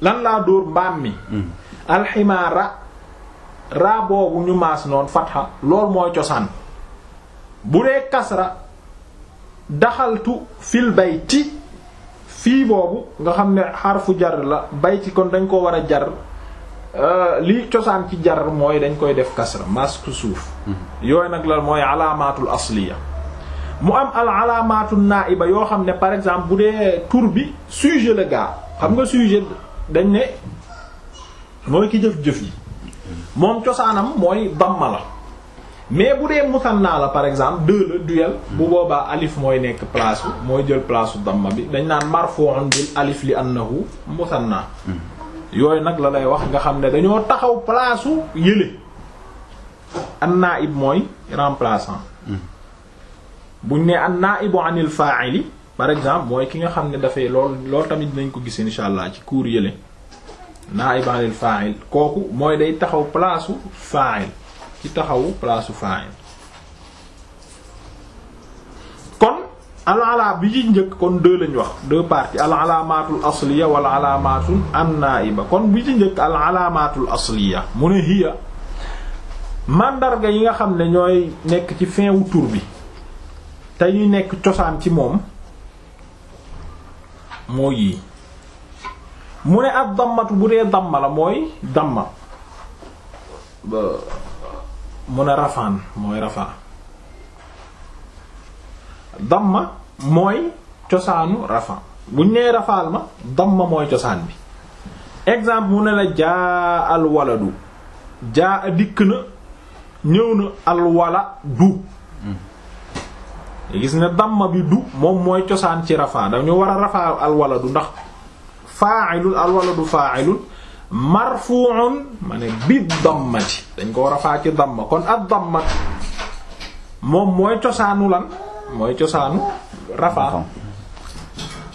lan laa dóor mbaam mi hmm. alximaara raa boobu ñu maas noonu fatxa loolu mooy cosaan bu dee kasra daxaltu fil bayti fii boobu nga xam ne xarfu jar la bay bayti kon dañ ko war a jar Euh, li cosaan ci jar mooy dañ koy def kasra masque suuf mhm. yooyu nag la mooy alaamaatul asliya mu am al alaamaatul naaiba yoo xam ne par exemple bu dee tur bi sujet la gaa xam nga sujet dañ ne mooy ki jëf-jëf yi mhm. moom cosaanam mooy damma la mais bu dee musanna la par exemple deux la duel mhm. bu boobaa alif mooy nekk place mooy jël place damma bi dañ naan marfu'un bil alif li annahu musanna yooyu nag la lay wax nga xam ne dañoo taxaw palaasu u yële an naib mooy remplaçant hmm. buñ ne an naibu anil yi par exemple mooy ki nga xam ne dafay lool loolu tamit dinañ ko gis insha allah ci cours yële naib anil fa'il kooku mooy day taxaw place u fa'il ci taxawu place u alala bi ci njëkk kon deux lañ wax deux parties al alaamatul asliya wal alaamatul annaiba kon bi ci njëkk al alaamatul asliya mu ne hiya mandarga yi nga xam ne ñooy nekk ci fin wu tur bi te ñu nekk cosaan ci moom mooy yii mu ne ak dammatu bu dee damma la mooy damma mu ne rafaan mooy rafaa damma mooy cosaanu rafa buñ nee rafaal ma damma mooy cosaan bi exemple mu ne la jaa al jaa a dikk na ñëw na al wala du gis ne damma bi du moom mooy cosaan ci rafa dañu war a rafa al waladu ndax fa'ilun al waladu fa'ilun marfu'un ma ne bi dammati dañ ko rafaa ci damma kon ad damma moom mooy cosaanu lan mooy cosaanu rafaa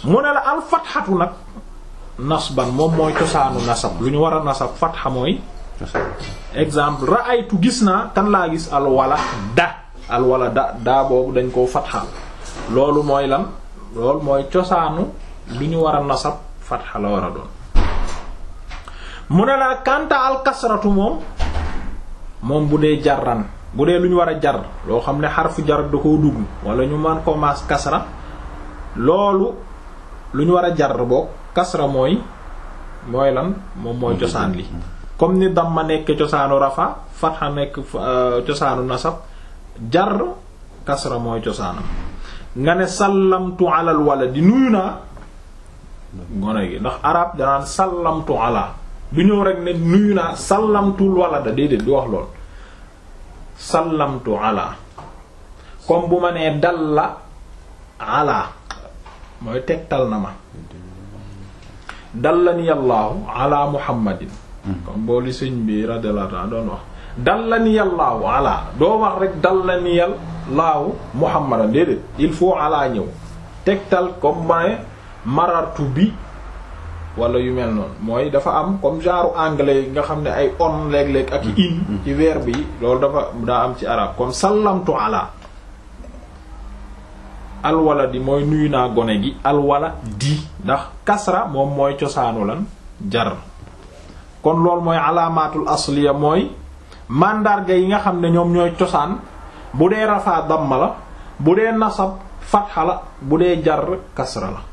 mu ne la al fatxatu nag nasban moom mooy cosaanu nasab lu ñu war a nasab fatxa mooy exemple ra aytu gis naa kan laa gis al wala da al da daa dañ koo fatxal loolu mooy lan loolu mooy cosaanu lu ñu war a nasab fatxa la war doon mu ne la kanta al moom moom bu dee jarran bu dee lu ñu war a jar loo xam ne xarfu jar da koo dugg wala ñu man ko maas kasra loolu lu ñu war a jar boog kasra mooy mooy lan moom mooy cosaan li comme ni dam ma nekk cosaanu rafa fatha nekk euh, cosaanu nasab jar kasra mooy cosaanam nga ne sallamtu alal waladi nuyu naa gone gi ndax arab danaan sallamtu ala du ñëw rek ne nuyu naa sallamtul walada déedéet du wax lool sallamtu ala comme bu ma nee dalla ala mooy tegtal na ma dallani yàllaahu ala muhammadin comme boo li sëñ bi radiyallahu anhu doon wax dallani yàllaahu doo wax rek dallani yàllaahu muhammadan déedéet il faut ala ñëw tegtal comme ma marartu bi wala yu mel noonu mooy dafa am comme genre anglais yi nga xam ne ay on léeg-léeg ak in mm-hmm. ci weer bi loolu dafa daa am ci arab comme sallamtu ala alwala di mooy nuyu naa gone gi alwala di ndax kasra moom mooy cosaanu lan jar kon loolu mooy alaamatul asliya mooy màndarga yi nga xam ne ñoom ñooy cosaan bu dee rafaa damma la bu dee nasab fatxa la bu dee jar kasra la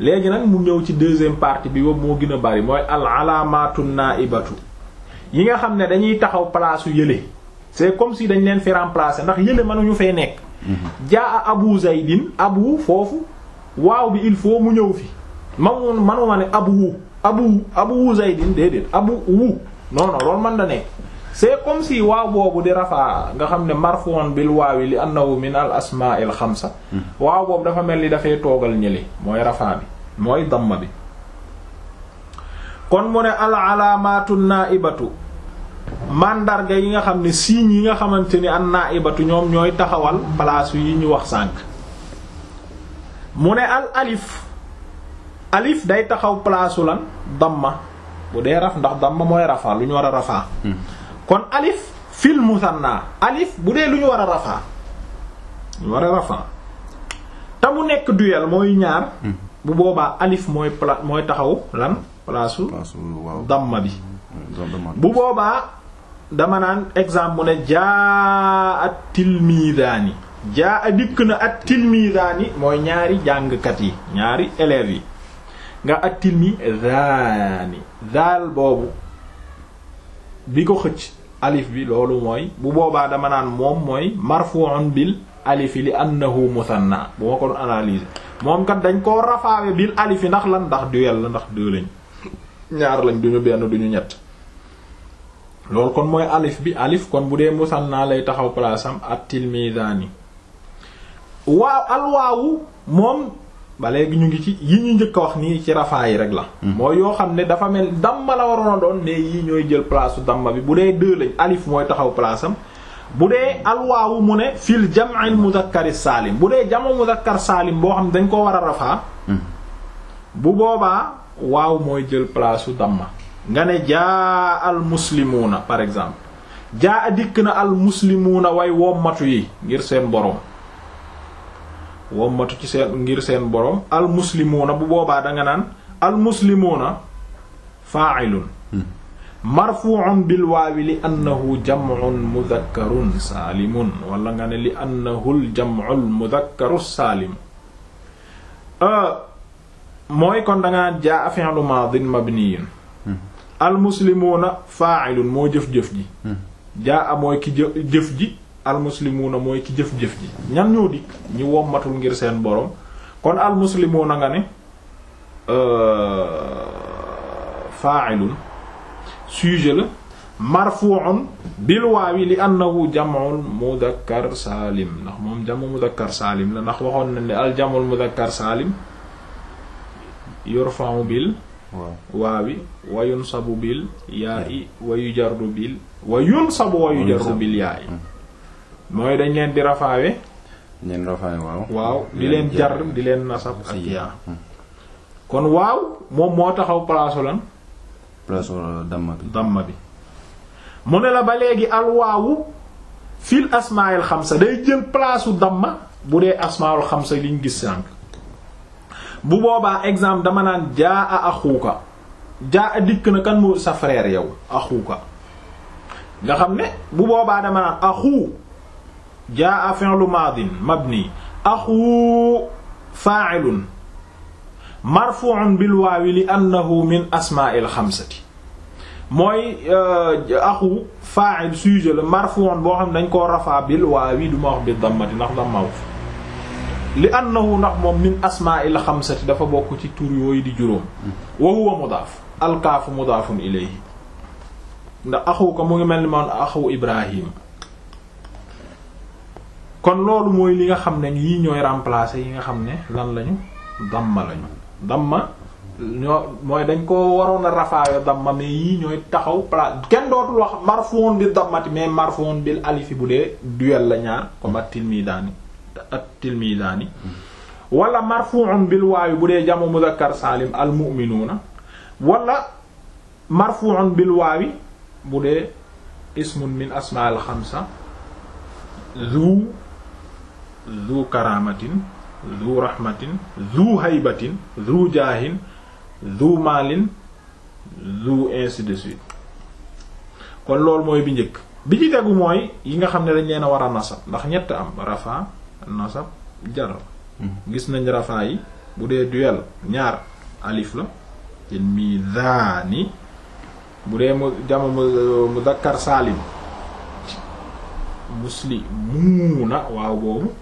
léegi nag mu ñëw ci deuxième partie bi boobu moo gën a bari mooy al alaamatu naibatu yi nga xam ne dañuy taxaw place yu yële c'est comme si dañ leen fi remplacer ndax yële mënuñu fay nekk mm-hmm. jaa a abu zaydin abu foofu waaw bi il faut mu ñëw fi mamun manuma ne abu abu abu zaydin déedéet abu wu non non loolu man da nekk c'est comme si waaw boobu di rafaa nga xam ne marfuun bil waawi li annahu min al asmaa il xamsa hmm. waaw boobu dafa mel ni dafay toogal ñëli mooy rafaa bi mooy damma bi kon mu ne al alaamaatu naaibatu mandarga yi nga xam ne signes yi nga xamante ni an naaibatu ñoom ñooy taxawal place yi ñu wax sànq mu ne al alif alif day taxaw place lan damma bu dee raf ndax damma mooy rafaa lu ñu war a rafaa hmm. kon alif filmu musanna alif bu dee lu ñu war rafaa lu war rafaa te mu nekk duel mooy ñaar bu boobaa alif mooy pla mooy taxaw lan place damma bi bu boobaa dama naan exemple mu ne jaa at tilmidaani jaa a dikk na at tilmidaani mooy ñaari jàngkat yi ñaari élèves yi nga ak tilmidaani daal boobu bi ko xëcc alif bi loolu mooy bu boobaa dama naan moom mooy marfu'un bil alifi li annahu musanna bu ma ko doon analyser moom kat dañ koo rafaawe bil alifi ndax lan ndax du la ndax deux ñaar lañ duñu benn duñu ñett loolu kon mooy alif bi alif kon bu dee musanna lay taxaw place am at tilmizaani waaw alwaawu moom ba léegi ñu ngi ci yi ñu njëkk a wax nii ci rafaa yi rek la. Hmm. mooy yoo xam ne dafa mel damma la waroon a doon mais yii ñooy jël place su damma bi bu dee deux lañ alif mooy taxaw place bu dee alwaawu mu ne fil jam'il muzakkari saalim bu dee jamu muzakkar saalim boo xam ne dañ ko war a rafaa. Hmm. bu boobaa waaw mooy jël place su damma. nga ne jaa al muslimuuna par exemple jaa dikk na al muslimuuna way wommatu yi ngir seen borom. wommatu ci seen ngir seen borom al muslimuuna bu boobaa danga naan al muslimuuna fa'ilun hmm. bil waawi li annahu jam'un mudhakkarun saalim mooy kon dangaa jaa fi'lu maadin mabniyin hmm. al muslimuuna moo jëf-jëf ji hmm. jaa mooy ki jëf ji almuslimuuna mooy ki jëf-jëf ji ñan ñoo dikk ñi wommatul ngir seen borom kon almuslimuuna nga ne euh, fa'ilun sujet la marfu'un bil waawi li annahu jam'un mudhakkar saalim ndax moom jam'u mudhakkar saalim la ndax waxoon na ne al jam'u saalim yurfa'u bil waawi wa yunsabu bil yaa'i wa yujarru bil wa yunsabu wa yujarru bil yaa'i hmm. mooy dañ leen di rafaawe leen rafaawe waaw waaw di leen jar di leen nasab ak yaa kon waaw moom moo taxaw palaasu lan dama uh, damma bi damma bi mu ne la ba léegi alwaawu fil asmaayil sa day jël palaasu damma bu dee asmaayil xamsa liñ gis sànk bu boobaa exemple dama naan jaa a axuuka jaa a dikk na kan mu sa frère yow axuuka nga xam ne bu boobaa dama naan axuu jaa fi'lu maadin mabni axu fa'ilun marfu'un bil waawi li min asmaa'il xamsati mooy euh, axu fa'il sujet la marfu'un boo xam ne dañ koo rafaa bil waawi du ma wax bi dammati ndax dammaw li annahu min asmaa'il xamsati dafa bokk ci tur yooyu di juróom wa huwa mudaaf alkaafu mudaafun ilayhi ndax axu ko mu ngi mel ni man axu ibrahim kon loolu mooy li nga xam ne yii ñooy remplacer yi nga xam ne lan lañu damma lañu damma ñoo mooy dañ ko waroon a rafaayo damma mais yii ñooy taxaw place kenn dootul wax marfuun bi dammati mais marfuun bil alifi bu dee duel la ñaar comme at tilmidaani at tilmidaani wala marfuun bu dee jamu muzakkar saalim al mu'minuuna wala marfuun bil waawi bu dee ismun min asmaa al xamsa zu karamatin zu rahmatin zu haybatin zu jaahin zu maalin zu ainsi de suite kon loolu mooy bi njëkk bi ci tegu mooy yi nga xam ne dañ leena war a nasab ndax ñett am rafa nasab jar mm-hmm. gis nañ rafa yi bu dee duel ñaar alif la il mizaani bu dee mu jama muzakkar saalim musli muuna waaw boobu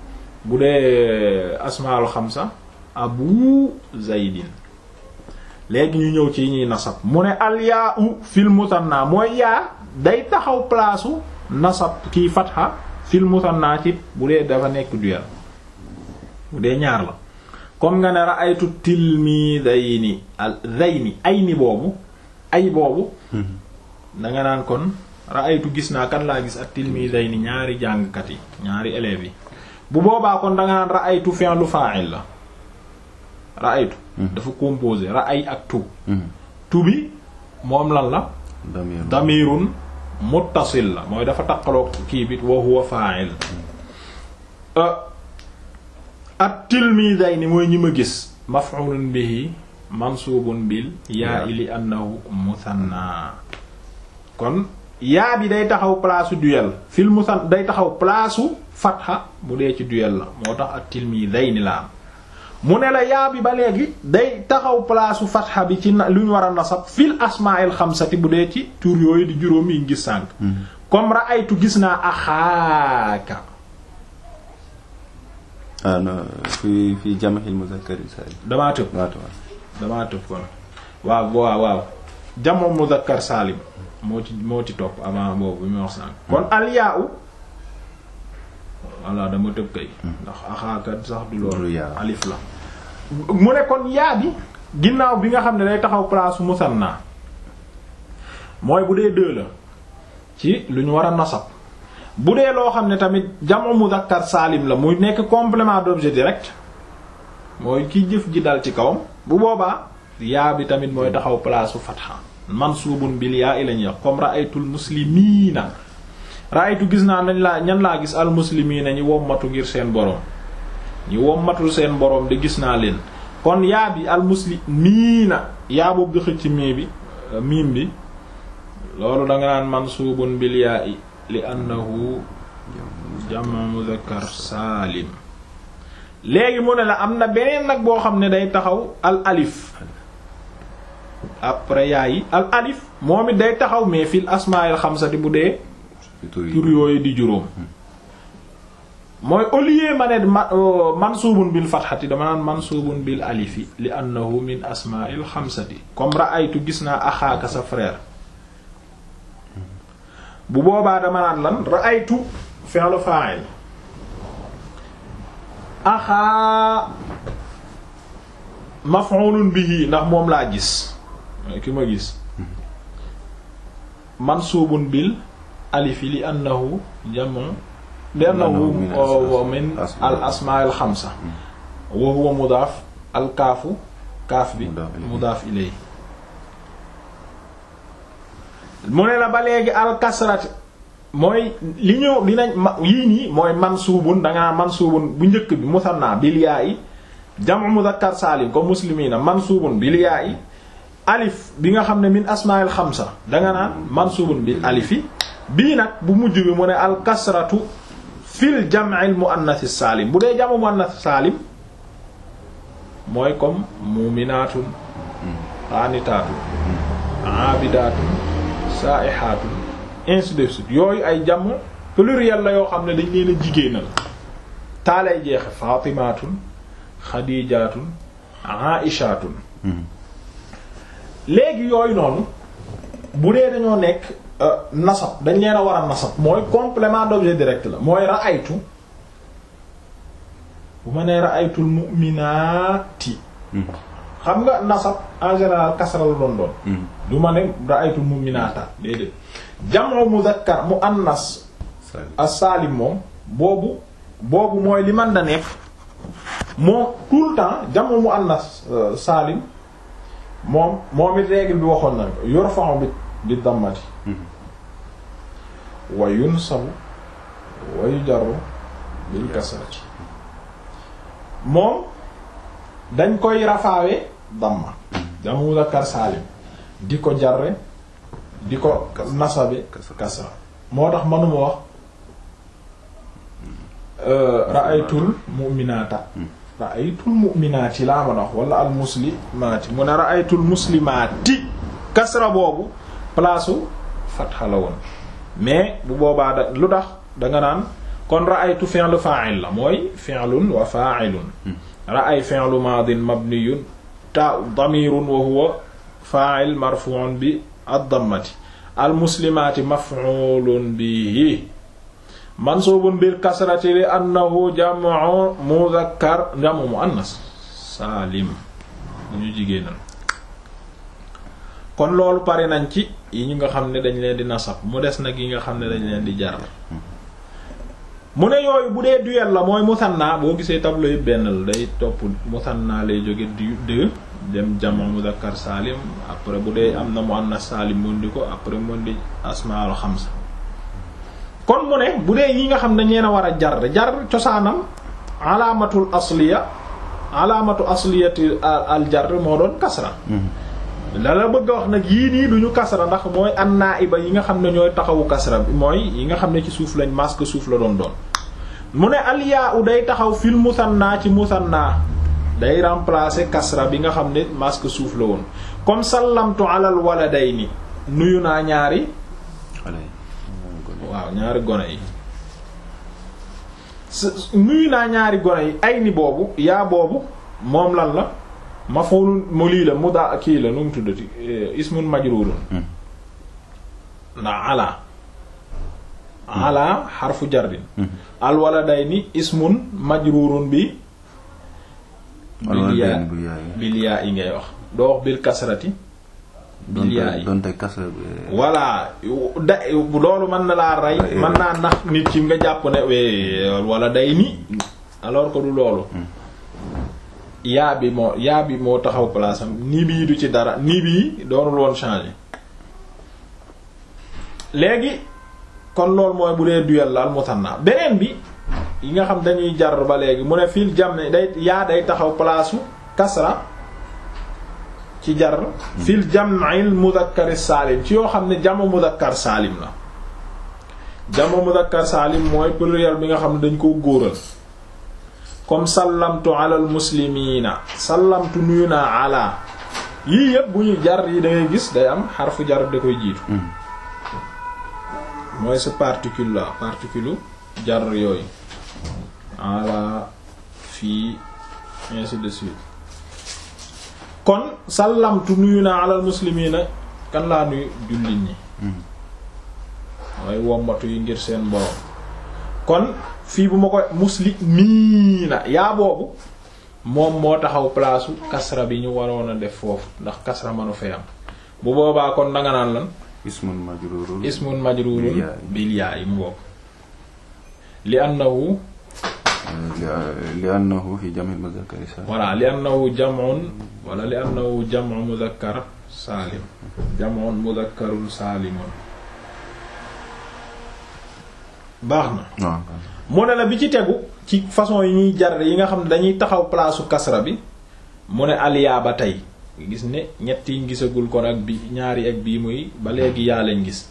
bu dee asmaul xamsa abu zaydin léegi ñu ñëw ci ñuy nasab mu ne alyaa u fil musanna mooy yaa day taxaw plaasu u nasab kii fatha fil musanna ci bu dee dafa nekk duel bu dee ñaar la comme nga ne ra'aytu tilmidayni al zayni ay ni boobu ay boobu mhm. danga naan kon aytu gis naa kan laa gis ak tilmidayni ñaari jàngkat yi ñaari élèves yi bu boobaa kon da nga naan ra'aytu fi'lu fa'il la ra'aytu mhm. dafa composé ra'ay ak tu mhm. tu bi moom lan la damirun muttasil la mooy dafa taqaloog kii bi wa huwa fa'il mhm. euh, at tilmidayni mooy ñi ma gis maf'ulun bihi mansuubun bil yaa ili annahu muthanna kon yaa bi day taxaw place duel fil muthanna day taxaw place fatha bu dee ci duel la moo tax ak tilmi day ni la mu ne la yaa bi ba léegi day taxaw palaasu fatha bi ci lu ñu war a nasab fil asmaa'il xamsati bu dee ci tur yooyu di juróom yi ngis sànk mm-hmm. comme ra'aytu gis naa axaaka ah non fi fi jam'il muzakkar saalim damaa tëb kon waaw ci moo voilà dama tëb kay hmm. ndax axaakat sax du loolu alif la mu ne kon yaa bi ginnaaw bi nga xam ne day taxaw place musanna mooy bu dee deux la ci lu ñu war a nasab bu dee loo xam ne tamit jamu muzakkar saalim la muy nekk complément d'objet direct mooy ki jëf ji dal ci kawam bu boobaa yaa bi tamit mooy taxaw place man mansuubun bil yaa i lañuy wax comme ra'aytul muslimiina raaytu gis naa nañ laa ñan laa gis almuslimiina ñi wommatu ngir seen borom ñi wommatul seen boroom de gis naa leen kon yaa bi almuslimiina yaa boobu di xëcc mii bi euh, miim bi loolu danga naan mansuubun bil yaa'i li annahu jamu muzakkar saalim léegi mu ne la am na beneen nag boo xam ne day taxaw al alif après yaayi al alif moom it day taxaw mais fil asmaa'il xamsati bu dee tur yooyu di juróom mm-hmm. mooy au lieu ma ne ma euh, mansuubun bil fatxati dama naan mansuubun bil alifi li annahu min asmaa'il xamsati comme ra'aytu gis naa axaaka sa frère mm-hmm. bu boobaa dama naan lan ra'aytu fi'lu fa'il axaa maf'ulun bihi ndax moom laa gis ki ma gis mm-hmm. mansuubun bil alif yi li annahu jamu mu ne la ba léegi al mooy li ñëw dinañ ma yii nii mooy mansuubun dangaa mansuubun bu njëkk bi musanna bil yaa'i jam'u muzakkar saalim ko muslimiina mansuubun bil yaa'i alif bi nga xam ne min asmaa'il xamsa danga naan mansuubun bil alifi bii nag bu mujj bi mu ne al fil jam'il saalim bu dee jamu muannath saalim mooy comme muminaatun xaanitaatun yooyu ay jamu pluriel la yoo xam ne dañ leen a jigéenal taalay jeexe faatimaatun xadiijaatun aishaatun hmm. léegi yooyu noonu bu dee dañoo nekk Euh, nasab dañ leen a war a nasab mooy complément d'objet direct la mooy ra'aytu bu ma nee ra'aytul mu'minaati xam nga nasab en général kasra la doon doon du ma ne ra'aytul mu'minaata déedéet jam'u muzakkar muannas as-salim moom boobu boobu mooy li man da nekk tout le temps jam'u muannas euh, salim moom moo it règle bi waxoon nañ ko yurfa'u bi dammati wa yunsabu wa yujarru bil kasrati moom dañ koy rafaawe damma dama muzakkar saalim di ko jarre di ko nasabe kasra moo tax manuma wax euh, ra'aytul mu'minata ra'aytul mu'minati laa man wax wala al muslimati mu ne ra'aytul muslimati kasra boobu palaasu fatha mais bu boobaa da lu tax da nga naan kon ra'aytu fi'lu fa'il la mooy fi'lun wa fa'ilun hmm. ra'ay fi'lu madin mabniyun ta damirun wa huwa fa'il marfu'un bi ad-dammati al-muslimati maf'ulun bihi mansubun bil kasrati li annahu jam'u mudhakkar jam'u muannas salim ñu jigéenal kon loolu pare nañ ci yi ñu nga xam ne dañ leen di nasab mu des nag yi nga xam ne dañ leen di jar mu ne yooyu bu dee duel la mooy musanna boo gisee tableau benn la day topp musanna lay jóge du deux dem jama muzakkar saalim après bu dee am na muannas saalim mun di ko après mun di asmaul xamsa kon mu ne bu dee yi nga xam ne dañ leen a war a jar jar cosaanam alaamatul asliya alaamatu asliyati al jar moo doon kasra mm-hmm. la la bëgg a wax nag yii nii duñu kasra ndax mooy an naiba yi nga xam ne ñooy taxawu kasra bi mooy yi nga xam ne ci suuf lañ masque suuf la doon doon mu ne alyaa u day taxaw fil naa ci musanna day remplacer kasra bi nga xam ne masque suuf la woon comme sallamtu alal waladayni nuyu naa ñaari waaw ñaari gone yi nuyu naa ñaari gone yi ay ni boobu yaa boobu moom lan la maf'ulun mu lii la mu daa kii la nu mu tuddati eh, ismun majrurun hmm. ndax ala ala xarfu jardin hmm. al waladayni ismun majrurun bi bil yaa bil yi ngay wax doo wax bil kasrati bil yi donte kasra eh. loolu mën na laa rey eh. mën naa nax nit ci nga jàpp ne wala day ni hmm. alors que du loolu yaa bi moo yaa bi moo taxaw place am nii bii du ci dara nii bii doonul woon changer léegi kon loolu mooy bu dee duel la al musanna beneen bi yi nga xam dañuy jar ba léegi mu ne fil jam day yaa day taxaw palaasu kasra ci jar fil jam'il mudakkar saalim ci yoo xam ne jamu mudakkar saalim la jamu mudakkar saalim mooy pluriel bi nga xam ne dañ koo góoral comme sallamtu ala al muslimina sallamtu nuyu naa ala yii yëpp bu ñuy jar yi da gis day am xarfu jar da koy jiitu hmm. mooy sa particule la particule jar yooyu ala fii ainsi de kon sallamtu nuyu naa alal muslimina kan laa nuyu jullit ñi hmm. mooy wommatu yi ngir seen borom kon fii bu ma ko muslimiina yaa boobu moom moo taxaw place kasra bi ñu waroon a def foofu ndax kasra manu fee am bu boobaa kon danga naan lan ismun majrurun ismun majrurun bil yaayi mu boobu li annahu li annahu li annahu jam'un wala li annahu jam'u saalim jam'un muzakkarun saalimun baax na ah, mu ne la bi ci tegu ci façon yi ñuy jar yi nga xam ne dañuy taxaw palaasu kasra bi mu ne aliyaa ba tey gis ne ñett yiñ gisagul kon ak bi ñaari ak bii muy ba léegi yaa leen gis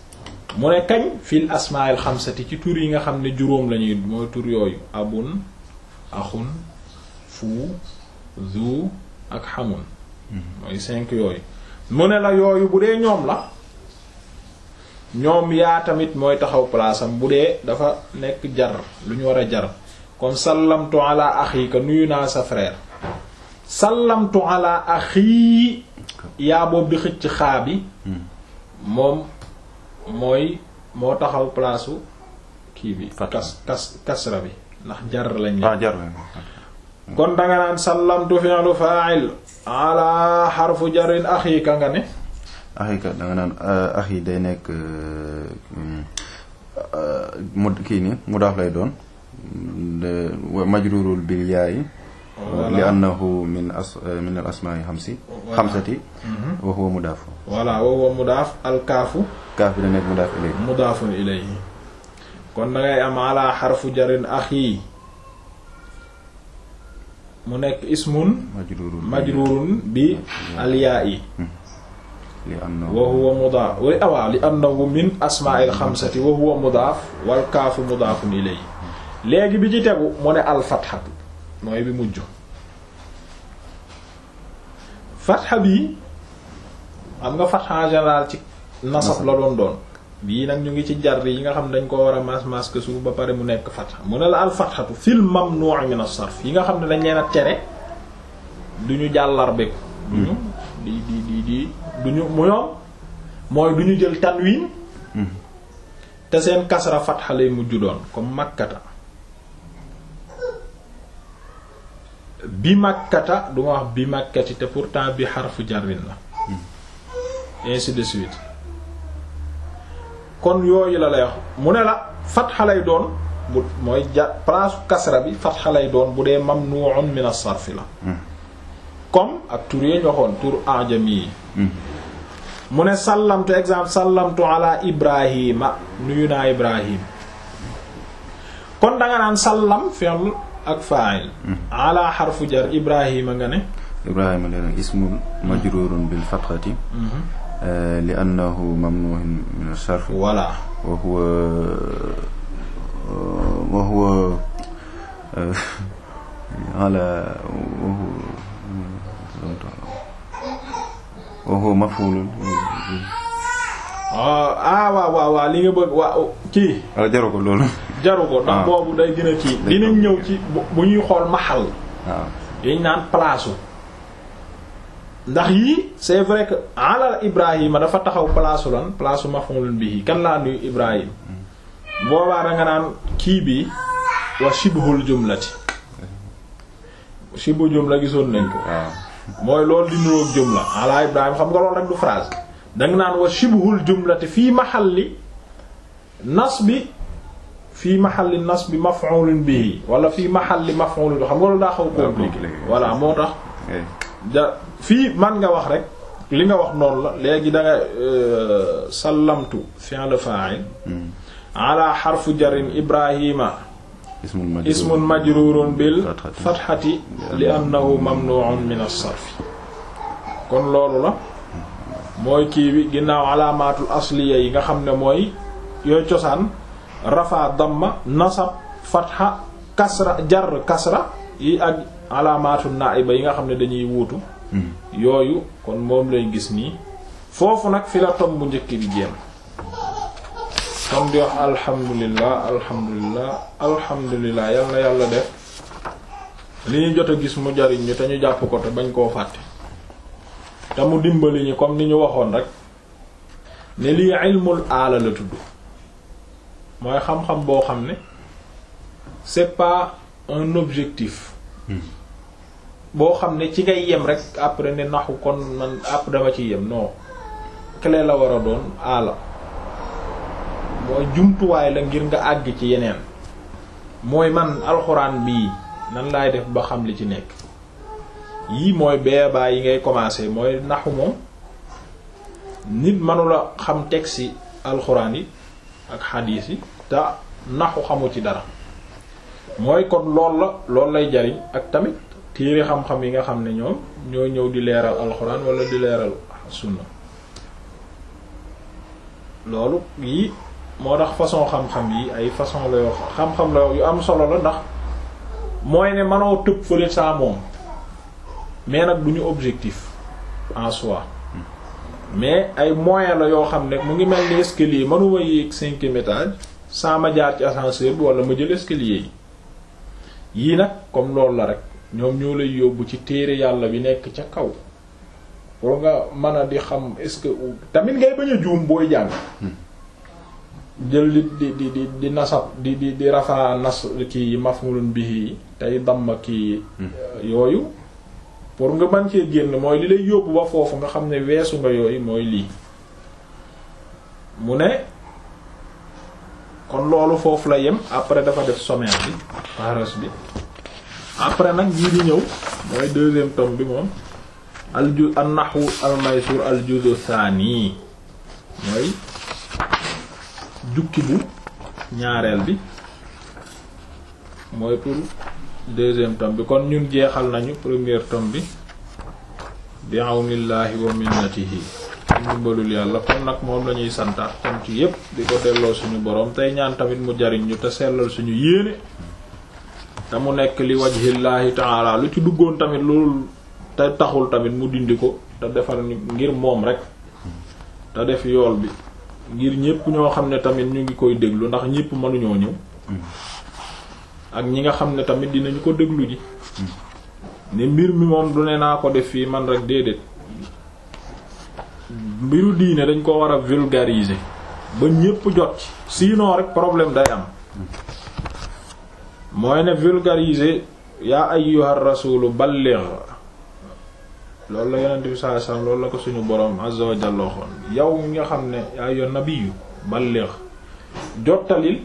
mu ne kañ fil asmail xamsati ci tur yi nga xam ne juróom lañuy mooy tur yooyu abun axun fu zu ak xamun mhm. mooy cinq yooyu mu ne la yooyu bu dee ñoom la ñoom yaa tamit mooy taxaw palaasam bu dee dafa nekk jar lu ñu war a jar kon sallamtu ala axika nuyu naa sa frère sallamtu ala axi yaa boobu di xëcc xaa bi moom mooy moo taxaw palaasu kii bi kas kas kasra bi ndax jar lañ ah, kon danga naan sallamtu fi'lu fa'il ala xarfu jarin axika nga ne axika da nga naan euh, ax day nekk euh, mu kii ni mu daaf lay doon majrurul bil yaayi li annahu min as euh, min al asmaai xamsi xamsati mhm. wa huwa mudaaf voilà kaaf bi da nekk mudaaf ilayhi mudaafun ilayhi kon dangay am ala xarfu jarin axi mu nekk ismun majrurun bi alyaa mhm. li annahu wa huwa mudaaf wa awaa ah, li annahu min asmaa'il xamsati wa huwa mudaaf wal kaafu mudaafun léegi bi ci tegu mu ne al fatxatu mooy bi mujj fatxa bi am nga fatxa en général ci nasab la doon doon bii nag ñu ngi ci jar yi nga xam ne dañ ko war a mas mas que suuf ba pare mu nekk fatxa mu ne la al fatxatu fil mamnu' min as-sarf yi nga xam ne dañ leen a tere duñu jàllarbeeku duñu hmm. di di di di du mu yoon mooy duñu jël tanwin hmm. te seen kasra fatxa lay mujj doon comme makkata bi makkata duma wax bi makkati te pourtant bi xarfu jarin la hmm. kon yooyu la lay wax mu ne la fat lay doon bu mooy ja place kasra bi fatxa xaley doon bu dee mamnu'un min as-sarf la hmm. comme ak tur yee ñu waxoon tur yi mu ne sallamtu exemple sallamtu ala ibrahima nuyu naa ibrahim kon danga naan sallam fi'l ak fa'il mm-hmm. ala xarfu jar ibrahima nga ne ibrahima leen ismun majrurun bil fathati mm-hmm. euh, li min ash-sharf wala waxoo mafulul ah, ah waaw waaw waaw li nga bëgg waaw kii. waaw ah, jaru ko ndax ah. boobu day gën a kii. ñëw ci bu ñuy xool maxal. waaw dañ naan place ndax yii c'est vrai que alal Ibrahima dafa taxaw palaasu lan place mafulul bii kan laa nuyu Ibrahima. Hmm. boobaa da naan kii bi wa la jumlati. Hmm. shibhul jumla gisoon nañ ko. waaw. mooy loolu di nuroog jumla ala ibrahim xam nga loolu rek du phrase danga naan wa shibhul jumlati fii mahalli nasbi fii mahalli nasbi maf'ulun bihi wala fii mahalli maf'ulun bi xam nga loolu daa xaw compliqué voilà moo tax da fii man nga wax rek li nga wax noonu la léegi da nga euh, sallamtu fi'l fa'il hmm. ala harfu jarin ibrahima ismun majruurun bil fatxati li annahu mamnuun min as-sarf kon loolu la mooy kii bi ginnaaw alaamaatul asliya yi nga xam ne mooy yooy cosaan rafaa damma nasab fatxa kasra jar kasra yi ak alaamaatul naaiba yi nga xam ne dañuy wuutu hmm. yooyu kon moom lay gis nii foofu nag fi la tom bu njëkk bi jéem comme di wax alhamdulilah alhamdulilah alhamdulilah yal yàlla def li ñu jot a gis mu jariñ ñu te ñu jàpp ko te bañ koo fàtte te mu dimbali ñi comme ni ñu waxoon rek ne lii ilmul aala la tudd mooy xam-xam boo xam ne c'est pas un objectif hmm. boo xam ne ci ngay yem rek après ne naxu kon man après dama ci yem non clé la war a doon aala mooy jumtuwaay la ngir nga àgg ci yeneen mooy man alxuraan bii nan laay def ba xam li ci nekk yii mooy beebaa yi ngay commencer mooy naxu moom nit manula xam texte yi alxuraan yi ak xadiis yi te naxu xamu ci dara mooy kot lool la lool lay jariñ ak tamit téere xam-xam yi nga xam ne ñoom ñoo ñëw di leeral alxuraan wala di leeral sunna loolu yii moo tax façon xam-xam yi ay façon la yoo xam-xam la yu am solo la ndax mooy ne manoo tëb fële saa moom mais nag du ñu objectif en soit mais ay moyen la yoo xam ne mu ngi mel ni escalier manuma yéeg cinquième étage sans ma jaar ci ascenseur bi walla ma jël escalier yi yii nag comme loolu la rek ñoom ñoo lay yóbbu ci téere yàlla bi nekk ca kaw pour nga mën a di xam est-ce que tamit ngay bañ a juum booy jàng jël di di di di nasab di di di rafaa nas kii maf'ulun bihi tey damm kii hmm. euh, yooyu pour nga mën cee génn mooy li lay yóbbu ba foofu nga xam ne weesu nga yooyu mooy lii mu ne kon loolu foofu la yem après dafa def sommaire bi pares bi après nag jii di ñëw mooy deuxième tome bi moom al ju an nahwu al maysur al juz mooy jukki bu ñaareel bi mooy pour deuxième tome bi kon ñun jeexal nañu premier tome bi bi awnillaahi wa minnatihi ndimbalul yàlla kon nag moom lañuy santaat cant yépp di ko delloo suñu boroom tey ñaan tamit mu jariñ ñu te sellal suñu yéene te mu nekk li wajhillaahi ta'ala lu ci duggoon tamit loolu te taxul tamit mu dindi ko te defar ngir moom rek te def yool bi ngir ñépp ñoo xam ne tamit ñu ngi koy déglu ndax ñépp mënuñoo ñëw ak ñi nga xam ne tamit dinañu ko déglu ji ne mbir mi moom du ne naa ko def fii man rek déedéet mbiru diine dañ ko war a vulgariser ba ñépp jot ci sinon rek problème day am mooy ne vulgariser yaa ay ayyuhar rasulu balligh loolu la yonent bi sallallahu alayhi wasallam loolu la ko suñu borom azza wa yow mi nga xam ne yaa yoon nabiyu balligh jottali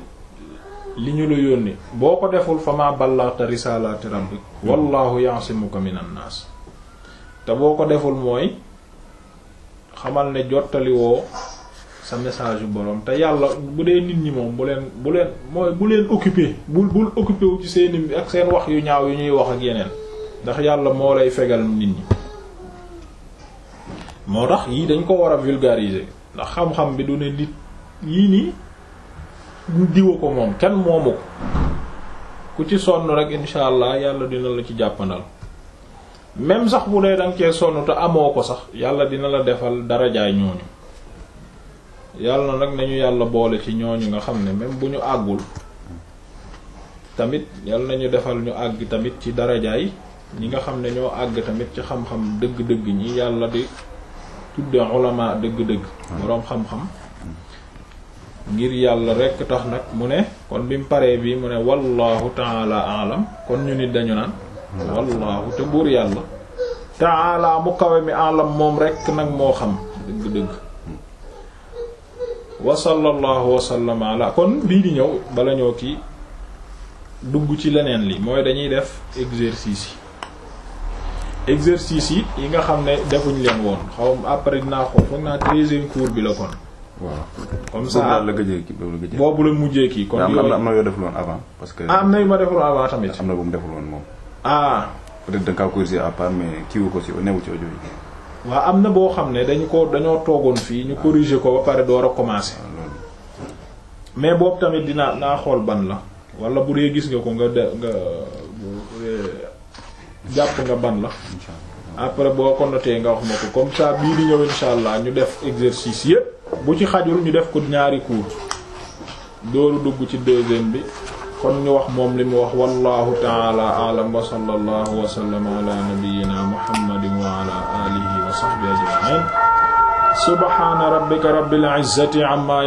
li ñu la yónni boo ko deful fa ma ballaghta risalati rabbik wallahu ya'simuka minan nas te boo ko deful mooy xamal ne jottali woo sa message yu boroom te yàlla bu dee nit ñi moom bu leen bu leen mooy bu leen occupé bul bul occupé wu ci seeni ak seen wax yu ñaaw yu ñuy wax ak yeneen ndax yàlla moo lay fegal nit ñi moo tax yii dañ ko war a vulgariser ndax xam-xam bi du ne nit yii nii diwa ko moom kenn moomu ko ku ci sonn rek insha allah yàlla dina la ci jàppandal même sax bu dee danga cee sonn te amoo ko sax yàlla dina la defal darajaay ñooñu yàlla nag nañu yàlla boole ci ñooñu nga xam ne même bu ñu àggul tamit yàlla nañu defal ñu àgg tamit ci darajaay ñi nga xam ne ñoo àgg tamit ci xam-xam dëgg-dëgg ñi yàlla di tudde ulama dëgg-dëgg boroom xam-xam ngir yàlla rekk tax nag mu ne kon bi mu paree bi mu ne wallahu taala alam kon ñu nit dañu naan wallahu te buur yàlla taala mu kawe mi alam moom rekk nag moo xam dëgg-dëgg wa sallallahu wa kon bii di ñëw bala ñoo kii dugg ci leneen li mooy dañuy def exercice yi exercice yi yi nga xam ne defuñ leen woon xaw ma après dinaa xool foog naa treizième cours bi la kon. waaw comme ça la gëjee kii boobu la gëjee boobu la mujjee kii. kon yooyu am na yoo defuloon parce que ah, am na yu ma defuloon avant tamit. am na bu mu ah. mais kii ko si newu ci audio yi. waaw am na boo xam ne dañu ko dañoo toogoon fii ñu ah. corriger ko ba pare door a commencer. mais boobu tamit dinaa naa xool ban la. wala bu dee gis nga ko nga de nga. jàpp nga ban la après boo ko notee nga wax ma ko comme ça bii di ñëw insha allah ñu def exercice yépp bu ci xajul ñu def ko ñaari cours dooru dugg ci deuxième bi kon ñu wax moom li mu wax wallahu taala alam wa sallallahu wa sallama ala nabiyyina muhammadin wa ala wa sahbihi ajma'in subhana rabbika rabbil izzati amma